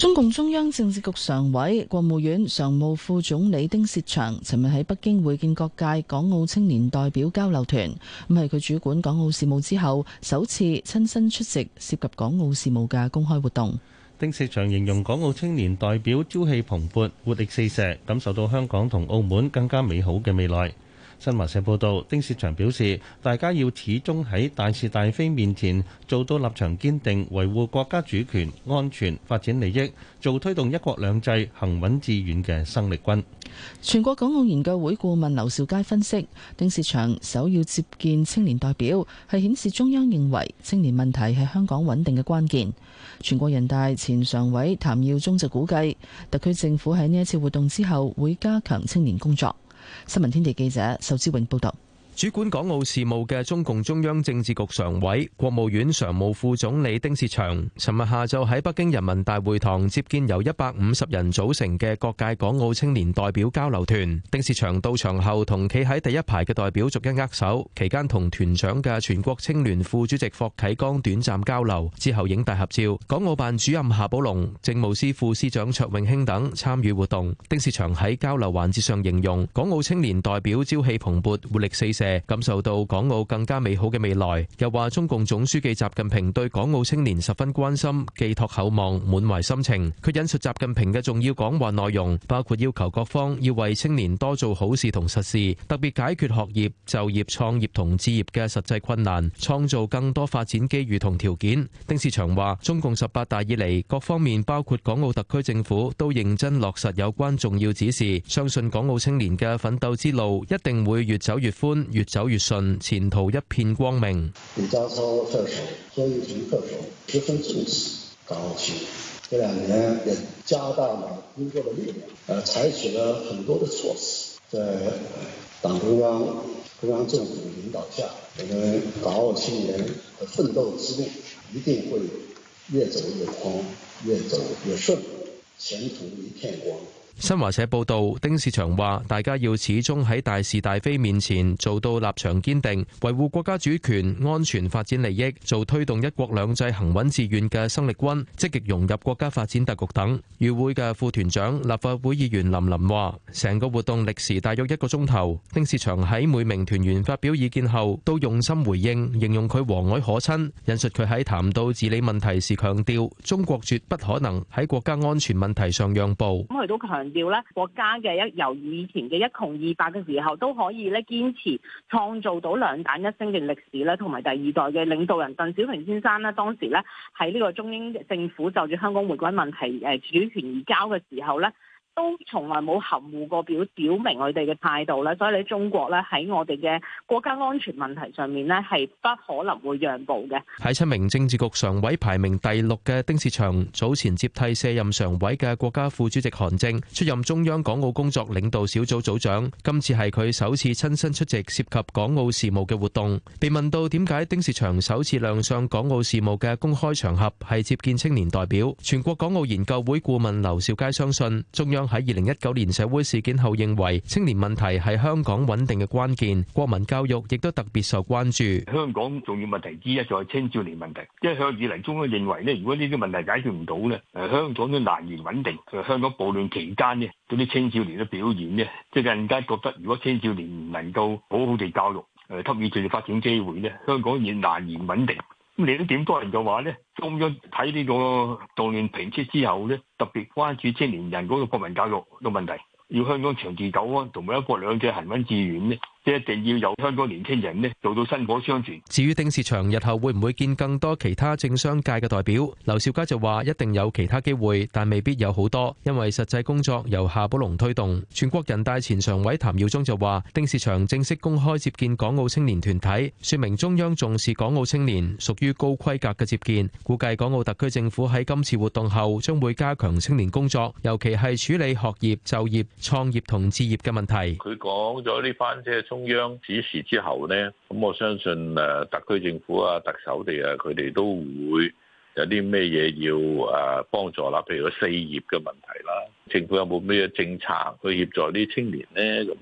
C: 中共中央政治局常委、國務院常務副總理丁薛祥尋日喺北京會見各界港澳青年代表交流團，咁係佢主管港澳事務之後首次親身出席涉及港澳事務嘅公開活動。
D: 丁薛祥形容港澳青年代表朝氣蓬勃、活力四射，感受到香港同澳門更加美好嘅未來。新華社報道，丁薛祥表示，大家要始終喺大是大非面前做到立場堅定，維護國家主權、安全、發展利益，做推動一國兩制行穩致遠嘅生力軍。
C: 全國港澳研究會顧問劉兆佳分析，丁薛祥首要接見青年代表，係顯示中央認為青年問題係香港穩定嘅關鍵。全國人大前常委譚耀宗就估計，特區政府喺呢一次活動之後會加強青年工作。新聞天地記者仇志榮報道。
I: 主管港澳事務嘅中共中央政治局常委、國務院常務副總理丁薛祥，尋日下晝喺北京人民大會堂接見由一百五十人組成嘅各界港澳青年代表交流團。丁薛祥到場後，同企喺第一排嘅代表逐一握手，期間同團長嘅全國青聯副主席霍啟剛短暫交流，之後影大合照。港澳辦主任夏寶龍、政務司副司長卓永興等參與活動。丁薛祥喺交流環節上形容，港澳青年代表朝氣蓬勃、活力四射。感受到港澳更加美好嘅未來，又話中共總書記習近平對港澳青年十分關心，寄託厚望，滿懷心情。佢引述習近平嘅重要講話內容，包括要求各方要為青年多做好事同實事，特別解決學業、就業、創業同置業嘅實際困難，創造更多發展機遇同條件。丁士祥話：中共十八大以嚟，各方面包括港澳特區政府都認真落實有關重要指示，相信港澳青年嘅奮鬥之路一定會越走越寬，越走越順，前途一片光明。
N: 李家超特首孫玉以，特首十分重視港澳青年，這兩年也加大了工作的力量，呃，採取了很多的措施，在黨中央、中央政府領導下，我們港澳青年的奮鬥之路一定會越走越寬，越走越順，前途一片光明。
I: 新華社報道，丁薛祥話：大家要始終喺大是大非面前做到立場堅定，維護國家主權、安全、發展利益，做推動一國兩制行穩致遠嘅生力軍，積極融入國家發展大局等。與會嘅副團長、立法會議員林琳話：成個活動歷時大約一個鐘頭，丁薛祥喺每名團員發表意見後都用心回應，形容佢和藹可親。引述佢喺談到治理問題時強調：中國絕不可能喺國家安全問題上讓步。咁佢
H: 都強。要咧國家嘅一由以前嘅一窮二白嘅時候都可以咧，堅持創造到兩彈一星嘅歷史咧，同埋第二代嘅領導人鄧小平先生咧，當時咧喺呢個中英政府就住香港回歸問題誒主權移交嘅時候咧。都從來冇含糊過表表明佢哋嘅態度咧，所以喺中國咧喺我哋嘅國家安全問題上面咧，係不可能會讓步
I: 嘅。喺七名政治局常委排名第六嘅丁薛祥，早前接替卸任常委嘅國家副主席韓正出任中央港澳工作領導小組組長，今次係佢首次親身出席涉及港澳事務嘅活動。被問到點解丁薛祥首次亮相港澳事務嘅公開場合係接見青年代表，全國港澳研究會顧問劉兆佳相信中央。喺二零一九年社會事件後，認為青年問題係香港穩定嘅關鍵，國民教育亦都特別受關注。香港重要問題之一就係青少年問題，因為向以嚟中央認為咧，如果呢啲問題解決唔到咧，誒香港都難言穩定。香港暴亂期間咧，嗰啲青少年嘅表現咧，即係更加覺得，如果青少年唔能夠好好地教育，誒給予佢哋發展機會咧，香港亦難言穩定。咁你都點多人嘅話咧？中央睇呢個悼念平息之後咧，特別關注青年人嗰個國民教育嘅問題，要香港長治久安同埋一國兩制行穩致遠咧。 [MUSIC] [MUSIC] 一定要由香港年輕人呢做到薪火相傳。至於丁薛祥日後會唔會見更多其他政商界嘅代表？劉兆佳就話：一定有其他機會，但未必有好多，因為實際工作由夏寶龍推動。全國人大前常委譚耀宗就話：丁薛祥正式公開接見港澳青年團體，說明中央重視港澳青年，屬於高規格嘅接見。估計港澳特區政府喺今次活動後，將會加強青年工作，尤其係處理學業、就業、創業同置業嘅問題。
H: 佢講咗呢班即係。中央指示之後呢，咁我相信誒特區政府啊、特首哋啊，佢哋都會有啲咩嘢要誒幫助啦。譬如個四業嘅問題啦，政府有冇咩政策去協助啲青年呢？咁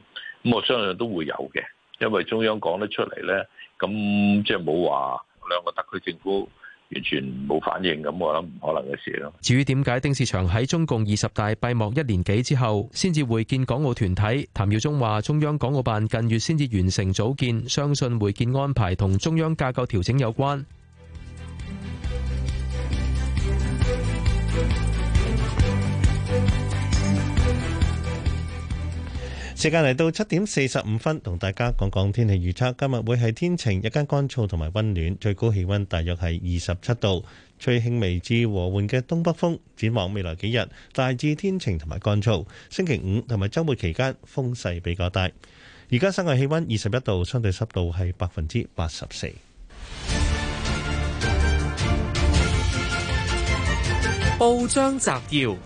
H: 咁我相信都會有嘅，因為中央講得出嚟呢，咁即係冇話兩個特區政府。完全冇反應，咁我諗唔可能嘅事咯。
I: 至於點解丁薛祥喺中共二十大閉幕一年幾之後，先至會見港澳團體？譚耀宗話：中央港澳辦近月先至完成組建，相信會見安排同中央架構調整有關。
D: 時間嚟到七點四十五分，同大家講講天氣預測。今日會係天晴，日間乾燥同埋温暖，最高氣温大約係二十七度，吹輕微至和緩嘅東北風。展望未來幾日，大致天晴同埋乾燥。星期五同埋周末期間，風勢比較大。而家室外氣温二十一度，相對濕度係百分之八十四。
K: 報章摘要。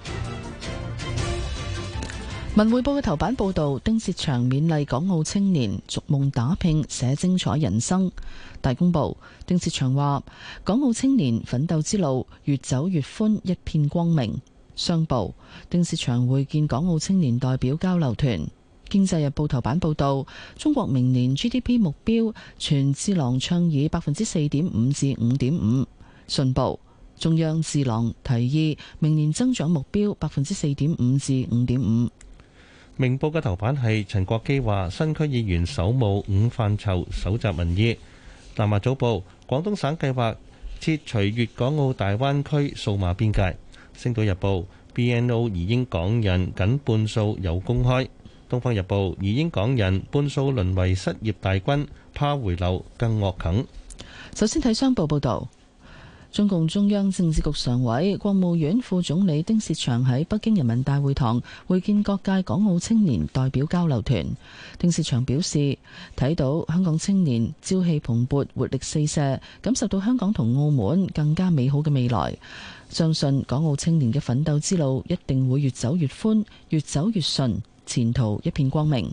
C: 文匯報嘅頭版報道，丁薛祥勉勵港澳青年逐夢打拼，寫精彩人生。大公報，丁薛祥話，港澳青年奮鬥之路越走越寬，一片光明。商報，丁薛祥會見港澳青年代表交流團。經濟日報頭版報道，中國明年 GDP 目標，全智囊倡議百分之四點五至五點五。信報，中央智囊提議明年增長目標百分之四點五至五點五。
D: 明報嘅頭版係陳國基話：新區議員首務五範疇蒐集民意。南華早報：廣東省計劃撤除粵港澳大灣區數碼邊界。星島日報：BNO 移英港人僅半數有工開。東方日報：移英港人半數淪為失業大軍，怕回流更惡啃。
C: 首先睇商報報導。中共中央政治局常委、國務院副總理丁薛祥喺北京人民大會堂會見各界港澳青年代表交流團，丁薛祥表示，睇到香港青年朝氣蓬勃、活力四射，感受到香港同澳門更加美好嘅未來，相信港澳青年嘅奮鬥之路一定會越走越寬，越走越順，前途一片光明。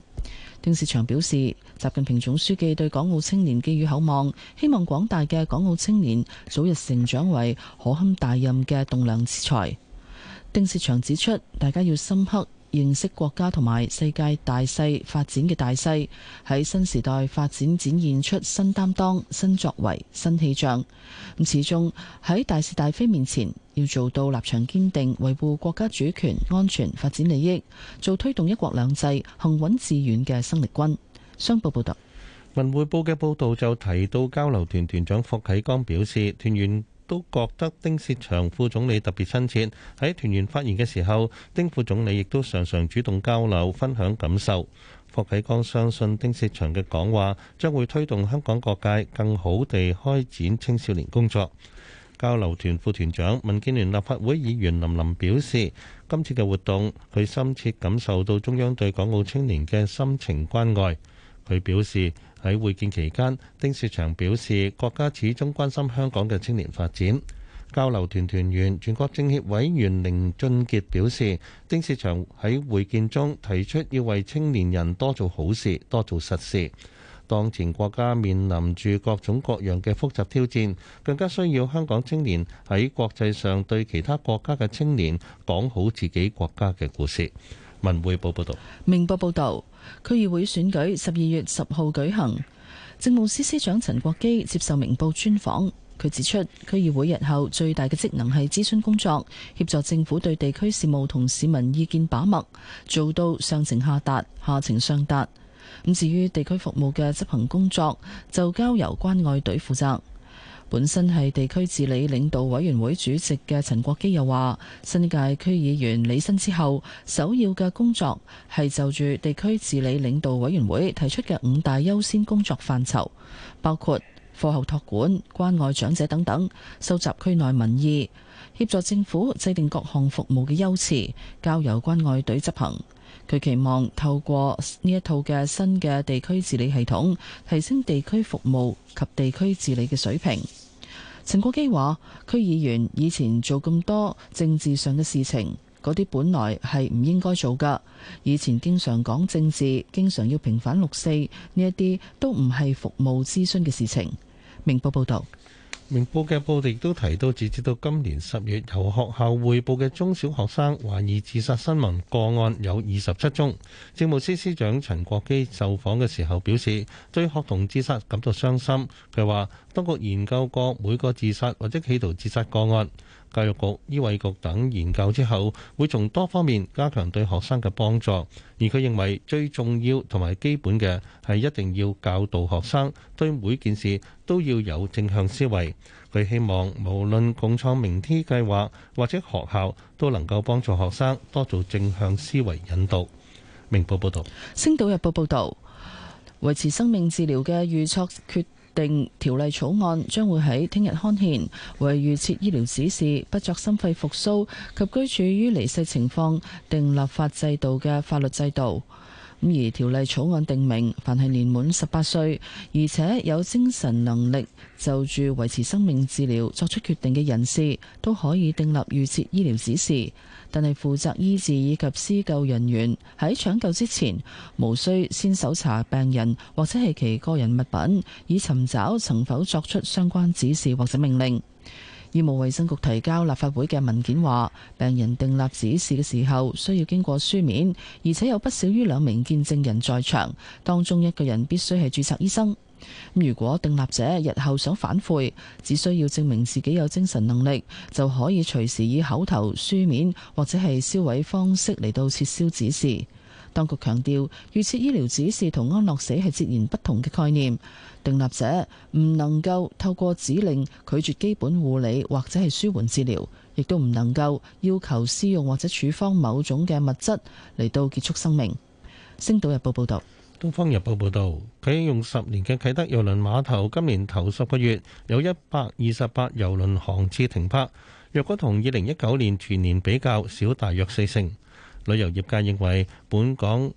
C: 丁士祥表示，習近平總書記對港澳青年寄予厚望，希望廣大嘅港澳青年早日成長為可堪大任嘅棟樑之才。丁士祥指出，大家要深刻認識國家同埋世界大勢發展嘅大勢，喺新時代發展，展現出新擔當、新作為、新氣象。咁始終喺大是大非面前要做到立場堅定，維護國家主權、安全、發展利益，做推動一國兩制行穩致遠嘅生力軍。商報報道，文匯報嘅
D: 報道就提到，交流團團長霍啟剛表示，團員。都覺得丁薛祥副總理特別親切。喺團員發言嘅時候，丁副總理亦都常常主動交流、分享感受。霍啟剛相信丁薛祥嘅講話將會推動香港各界更好地開展青少年工作。交流團副團長、民建聯立法會議員林琳表示，今次嘅活動，佢深切感受到中央對港澳青年嘅深情關愛。佢表示。喺會見期間，丁薛祥表示，國家始終關心香港嘅青年發展。交流團團員、全國政協委員凌俊傑表示，丁薛祥喺會見中提出要為青年人多做好事、多做實事。當前國家面臨住各種各樣嘅複雜挑戰，更加需要香港青年喺國際上對其他國家嘅青年講好自己國家嘅故事。文匯報
K: 報道，
C: 明報報道，區議會選舉十二月十號舉行。政務司司長陳國基接受明報專訪，佢指出，區議會日後最大嘅職能係諮詢工作，協助政府對地區事務同市民意見把脈，做到上情下達、下情上達。咁至於地區服務嘅執行工作，就交由關愛隊負責。本身係地區治理領導委員會主席嘅陳國基又話，新界區議員履新之後首要嘅工作係就住地區治理領導委員會提出嘅五大優先工作範疇，包括課後託管、關愛長者等等，收集區內民意，協助政府制定各項服務嘅優次，交由關愛隊執行。佢期望透過呢一套嘅新嘅地區治理系統，提升地區服務及地區治理嘅水平。陳國基話：區議員以前做咁多政治上嘅事情，嗰啲本來係唔應該做㗎。以前經常講政治，經常要平反六四呢一啲，都唔係服務諮詢嘅事情。明報報道。
D: 明報嘅報道亦都提到，截至到今年十月，由學校匯報嘅中小學生懷疑自殺新聞個案有二十七宗。政務司司長陳國基受訪嘅時候表示，對學童自殺感到傷心。佢話，當局研究過每個自殺或者企圖自殺個案。教育局、醫衛局等研究之後，會從多方面加強對學生嘅幫助。而佢認為最重要同埋基本嘅係一定要教導學生對每件事都要有正向思維。佢希望無論共創明天計劃或者學校都能夠幫助學生多做正向思維引導。明報報道，
C: 星島日報報道，維持生命治療嘅預測決定條例草案將會喺聽日刊憲為預設醫療指示不作心肺復甦及居住於離世情況定立法制度嘅法律制度。咁而條例草案定明凡係年滿十八歲,而且有精神能力就住維持生命治療作出決定嘅人士都可以訂立預設醫療指示。但係負責醫治以及施救人員喺搶救之前，無需先搜查病人或者係其個人物品，以尋找曾否作出相關指示或者命令。醫務衛生局提交立法會嘅文件話，病人訂立指示嘅時候需要經過書面，而且有不少於兩名見證人在場，當中一個人必須係註冊醫生。如果訂立者日後想反悔，只需要證明自己有精神能力，就可以隨時以口頭、書面或者係銷毀方式嚟到撤銷指示。當局強調，預設醫療指示同安樂死係截然不同嘅概念。訂立者唔能夠透過指令拒絕基本護理或者係舒緩治療，亦都唔能夠要求施用或者處方某種嘅物質嚟到結束生命。星島日報報道。《東方日報》報道，
D: 啟用十年嘅啟德郵輪碼頭，今年頭十個月有一百二十八郵輪航次停泊，若果同二零一九年全年比較，少大約四成。旅遊業界認為，本港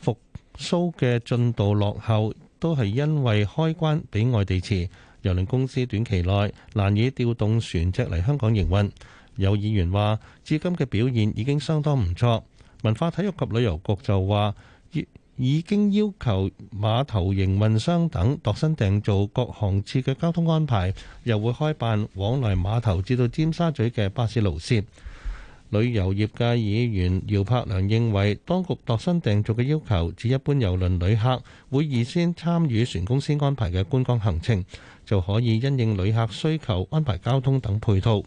D: 復甦嘅進度落後，都係因為開關比外地遲，郵輪公司短期內難以調動船隻嚟香港營運。有議員話：至今嘅表現已經相當唔錯。文化體育及旅遊局就話。已經要求碼頭營運商等度身訂造各航次嘅交通安排，又會開辦往來碼頭至到尖沙咀嘅巴士路線。旅遊業界議員姚柏良認為，當局度身訂造嘅要求，指一般郵輪旅客會預先參與船公司安排嘅觀光行程，就可以因應旅客需求安排交通等配套。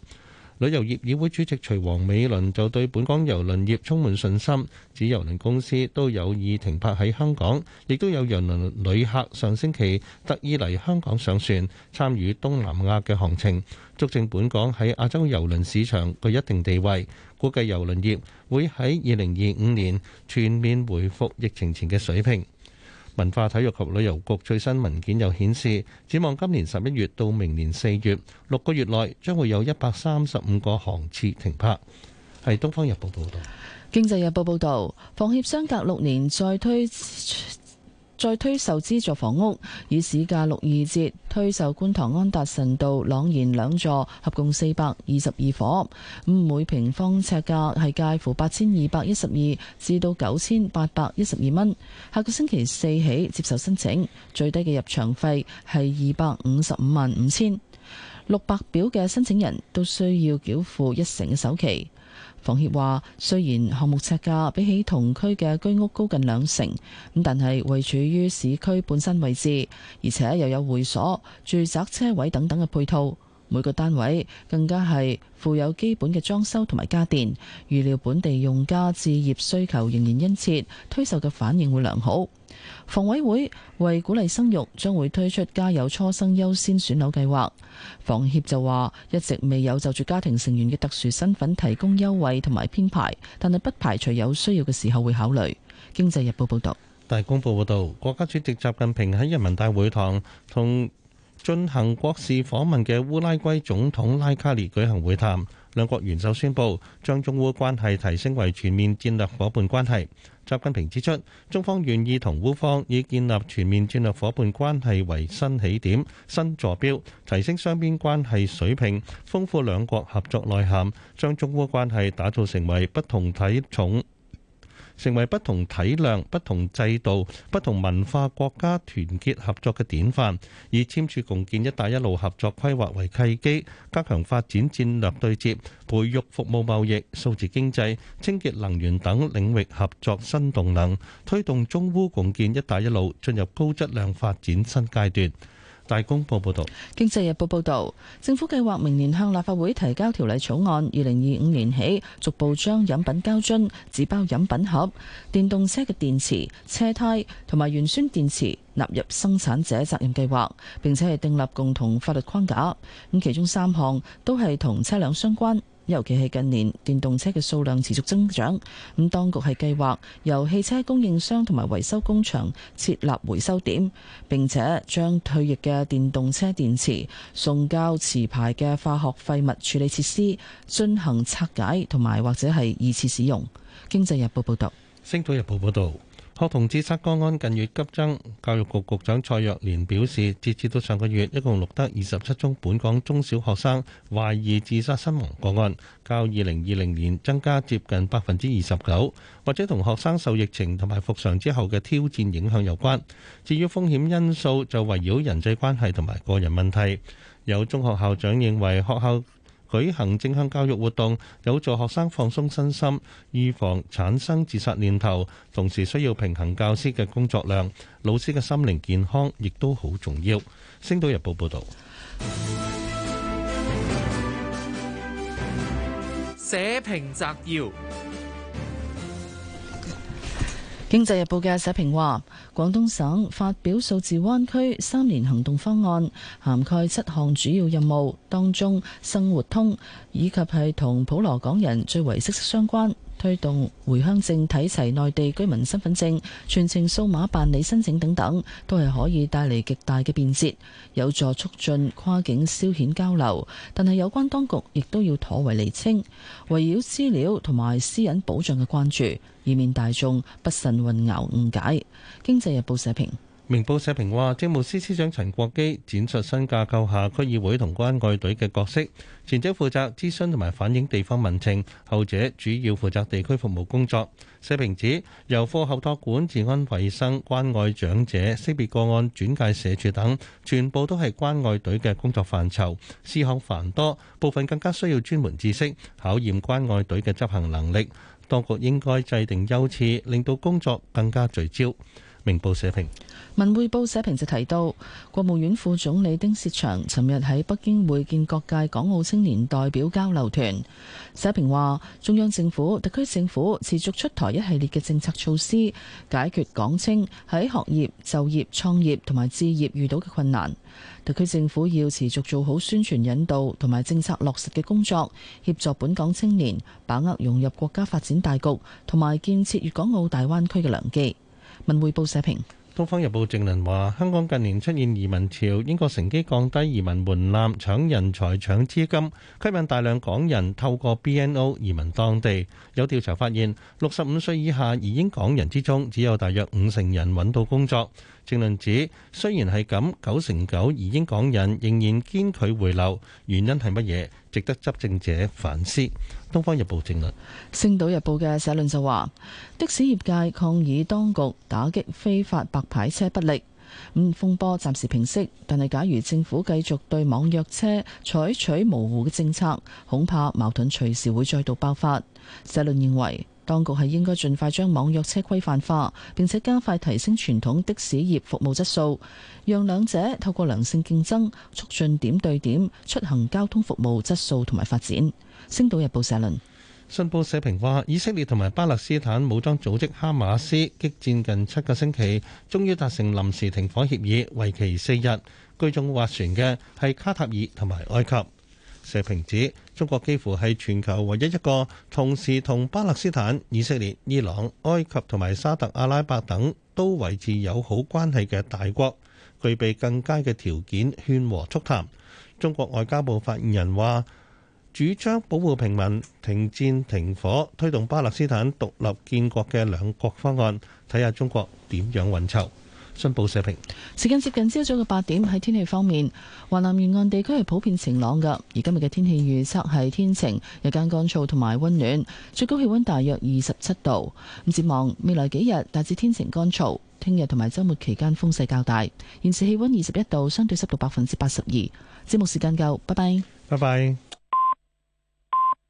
D: 旅遊業議會主席徐王美倫就對本港郵輪業充滿信心，指郵輪公司都有意停泊喺香港，亦都有郵輪旅客上星期特意嚟香港上船參與東南亞嘅航程，足證本港喺亞洲郵輪市場嘅一定地位。估計郵輪業會喺二零二五年全面回復疫情前嘅水平。文化體育及旅遊局最新文件又顯示，展望今年十一月到明年四月六個月內，將會有一百三十五個航次停泊。係《東方日報》報道，
C: 《經濟日報》報道，房協相隔六年再推。再推售資助房屋，以市價六二折推售觀塘安達臣道朗然兩座，合共四百二十二伙。每平方尺價係介乎八千二百一十二至到九千八百一十二蚊。下個星期四起接受申請，最低嘅入場費係二百五十五萬五千六百，表嘅申請人都需要繳付一成嘅首期。房協話：雖然項目尺價比起同區嘅居屋高近兩成，咁但係位處於市區本身位置，而且又有會所、住宅車位等等嘅配套，每個單位更加係附有基本嘅裝修同埋家電。預料本地用家置業需求仍然殷切，推售嘅反應會良好。房委會為鼓勵生育，將會推出家有初生優先選樓計劃。房協就話，一直未有就住家庭成員嘅特殊身份提供優惠同埋編排，但係不排除有需要嘅時候會考慮。經濟日報報道，
D: 大公報報道，國家主席習近平喺人民大會堂同進行國事訪問嘅烏拉圭總統拉卡列舉行會談，兩國元首宣布將中烏關係提升為全面戰略夥伴關係。習近平指出，中方願意同烏方以建立全面戰略夥伴關係為新起點、新坐標，提升雙邊關係水平，豐富兩國合作內涵，將中烏關係打造成為不同體重成為不同體量、不同制度、不同文化國家團結合作嘅典範，以簽署共建「一帶一路」合作規劃為契機，加強發展戰略對接，培育服務貿易、數字經濟、清潔能源等領域合作新動能，推動中烏共建「一帶一路」進入高質量發展新階段。大公報報道，
C: 《經濟日報》報道，政府計劃明年向立法會提交條例草案，二零二五年起逐步將飲品膠樽、紙包飲品盒、電動車嘅電池、車胎同埋鉛酸電池納入生產者責任計劃，並且係訂立共同法律框架。咁其中三項都係同車輛相關。尤其係近年電動車嘅數量持續增長，咁當局係計劃由汽車供應商同埋維修工場設立回收點，並且將退役嘅電動車電池送交持牌嘅化學廢物處理設施進行拆解同埋或者係二次使用。經濟日報報道，
D: 星島日報報道。學童自殺個案近月急增，教育局局長蔡若蓮表示，截至到上個月，一共錄得二十七宗本港中小學生懷疑自殺身亡個案，較二零二零年增加接近百分之二十九，或者同學生受疫情同埋復常之後嘅挑戰影響有關。至於風險因素，就圍繞人際關係同埋個人問題。有中學校長認為學校舉行正向教育活動，有助學生放鬆身心，預防產生自殺念頭。同時需要平衡教師嘅工作量，老師嘅心靈健康亦都好重要。
K: 星島日報報導。社評摘要。
C: 經濟日報嘅社評話，廣東省發表數字灣區三年行動方案，涵蓋七項主要任務，當中生活通以及係同普羅港人最為息息相關，推動回鄉證睇齊內地居民身份證，全程數碼辦理申請等等，都係可以帶嚟極大嘅便捷，有助促進跨境消遣交流。但係有關當局亦都要妥為釐清，圍繞資料同埋私隱保障嘅關注。以免大眾不慎混淆誤解，《經濟日報》社評
D: 明報社評話，政務司司長陳國基展述新架構下區議會同關愛隊嘅角色，前者負責諮詢同埋反映地方民情，後者主要負責地區服務工作。社評指，由課後託管、治安、衞生、關愛長者、識別個案轉介社署等，全部都係關愛隊嘅工作範疇，思考繁多，部分更加需要專門知識，考驗關愛隊嘅執行能力。當局應該制定優次，令到工作更加聚焦。明報社評。
C: 文匯報社評就提到，國務院副總理丁薛祥尋日喺北京會見各界港澳青年代表交流團。社評話，中央政府、特區政府持續出台一系列嘅政策措施，解決港青喺學業、就業、創業同埋置業遇到嘅困難。特區政府要持續做好宣傳引導同埋政策落實嘅工作，協助本港青年把握融入國家發展大局同埋建設粵港澳大灣區嘅良機。文匯報社評。
D: 東方日報政論話，香港近年出現移民潮，英國乘機降低移民門檻，搶人才、搶資金，吸引大量港人透過 BNO 移民當地。有調查發現，六十五歲以下移英港人之中，只有大約五成人揾到工作。政論指，雖然係咁，九成九移英港人仍然堅拒回流，原因係乜嘢？值得執政者反
C: 思。《東方日報》政論，《星島日報》嘅社論就話的士業界抗議當局打擊非法白牌車不力，咁、嗯、風波暫時平息，但係假如政府繼續對網約車採取模糊嘅政策，恐怕矛盾隨時會再度爆發。社論認為當局係應該盡快將網約車規範化，並且加快提升傳統的士業服務質素，讓兩者透過良性競爭，促進點對點出行交通服務質素同埋發展。《星島日報》社論。
D: 信報社評話，以色列同埋巴勒斯坦武裝組織哈馬斯激戰近七個星期，終於達成臨時停火協議，為期四日。居中斡旋嘅係卡塔爾同埋埃及。社評指，中國幾乎係全球唯一一個同時同巴勒斯坦、以色列、伊朗、埃及同埋沙特阿拉伯等都維持友好關係嘅大國，具備更佳嘅條件勸和促談。中國外交部發言人話。主張保護平民、停戰停火、推動巴勒斯坦獨立建國嘅兩國方案，睇下中國點樣運籌。信報社評。
C: 時間接近朝早嘅八點。喺天氣方面，華南沿岸地區係普遍晴朗噶。而今日嘅天氣預測係天晴、日間乾燥同埋温暖，最高氣温大約二十七度。咁展望未來幾日大致天晴乾燥，聽日同埋周末期間風勢較大。現時氣温二十一度，相對濕度百分之八十二。節目時間夠，拜拜，拜拜。